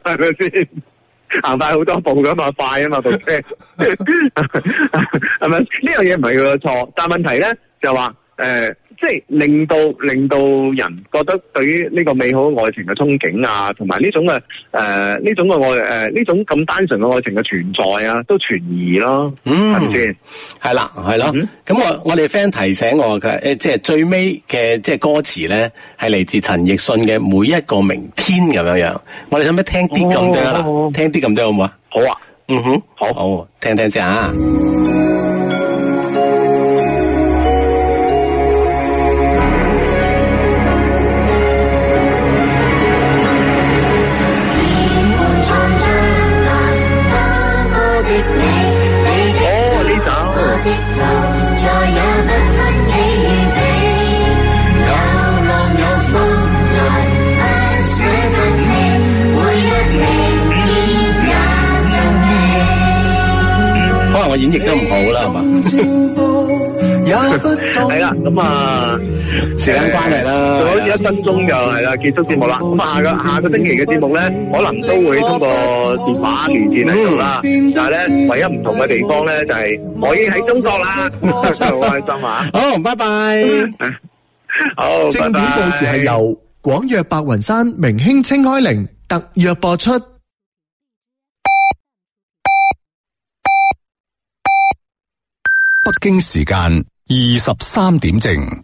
係咪先？ [laughs] [laughs] 是行快好多步㗎嘛，快啊嘛部車，係咪呢樣嘢唔係佢嘅錯？但係問題咧就話、係、誒。呃即係令到令到人覺得對於呢個美好愛情嘅憧憬啊，同埋呢種嘅誒呢種嘅愛誒呢種咁單純嘅愛情嘅存在啊，都存疑咯，係咪先？係啦，係咯。咁、嗯、我我哋 friend 提醒我嘅，誒，即係最尾嘅即係歌詞咧，係嚟自陳奕迅嘅每一個明天咁樣樣。我哋想唔想聽啲咁多啦？聽啲咁多好唔好啊？好啊，嗯哼，好，好聽聽先啊。我演繹得唔好啦，係嘛？係啦，咁啊，時間關係啦，就好似一分鐘就係啦，結束節目啦。咁啊，下個下個星期嘅節目咧，可能都會通過電話連線嚟做啦。但係咧，唯一唔同嘅地方咧，就係我已經喺中國啦，好開心啊！好，拜拜。好，正點到時係由廣藥白雲山明興清開靈特約播出。北京時間二十三點正。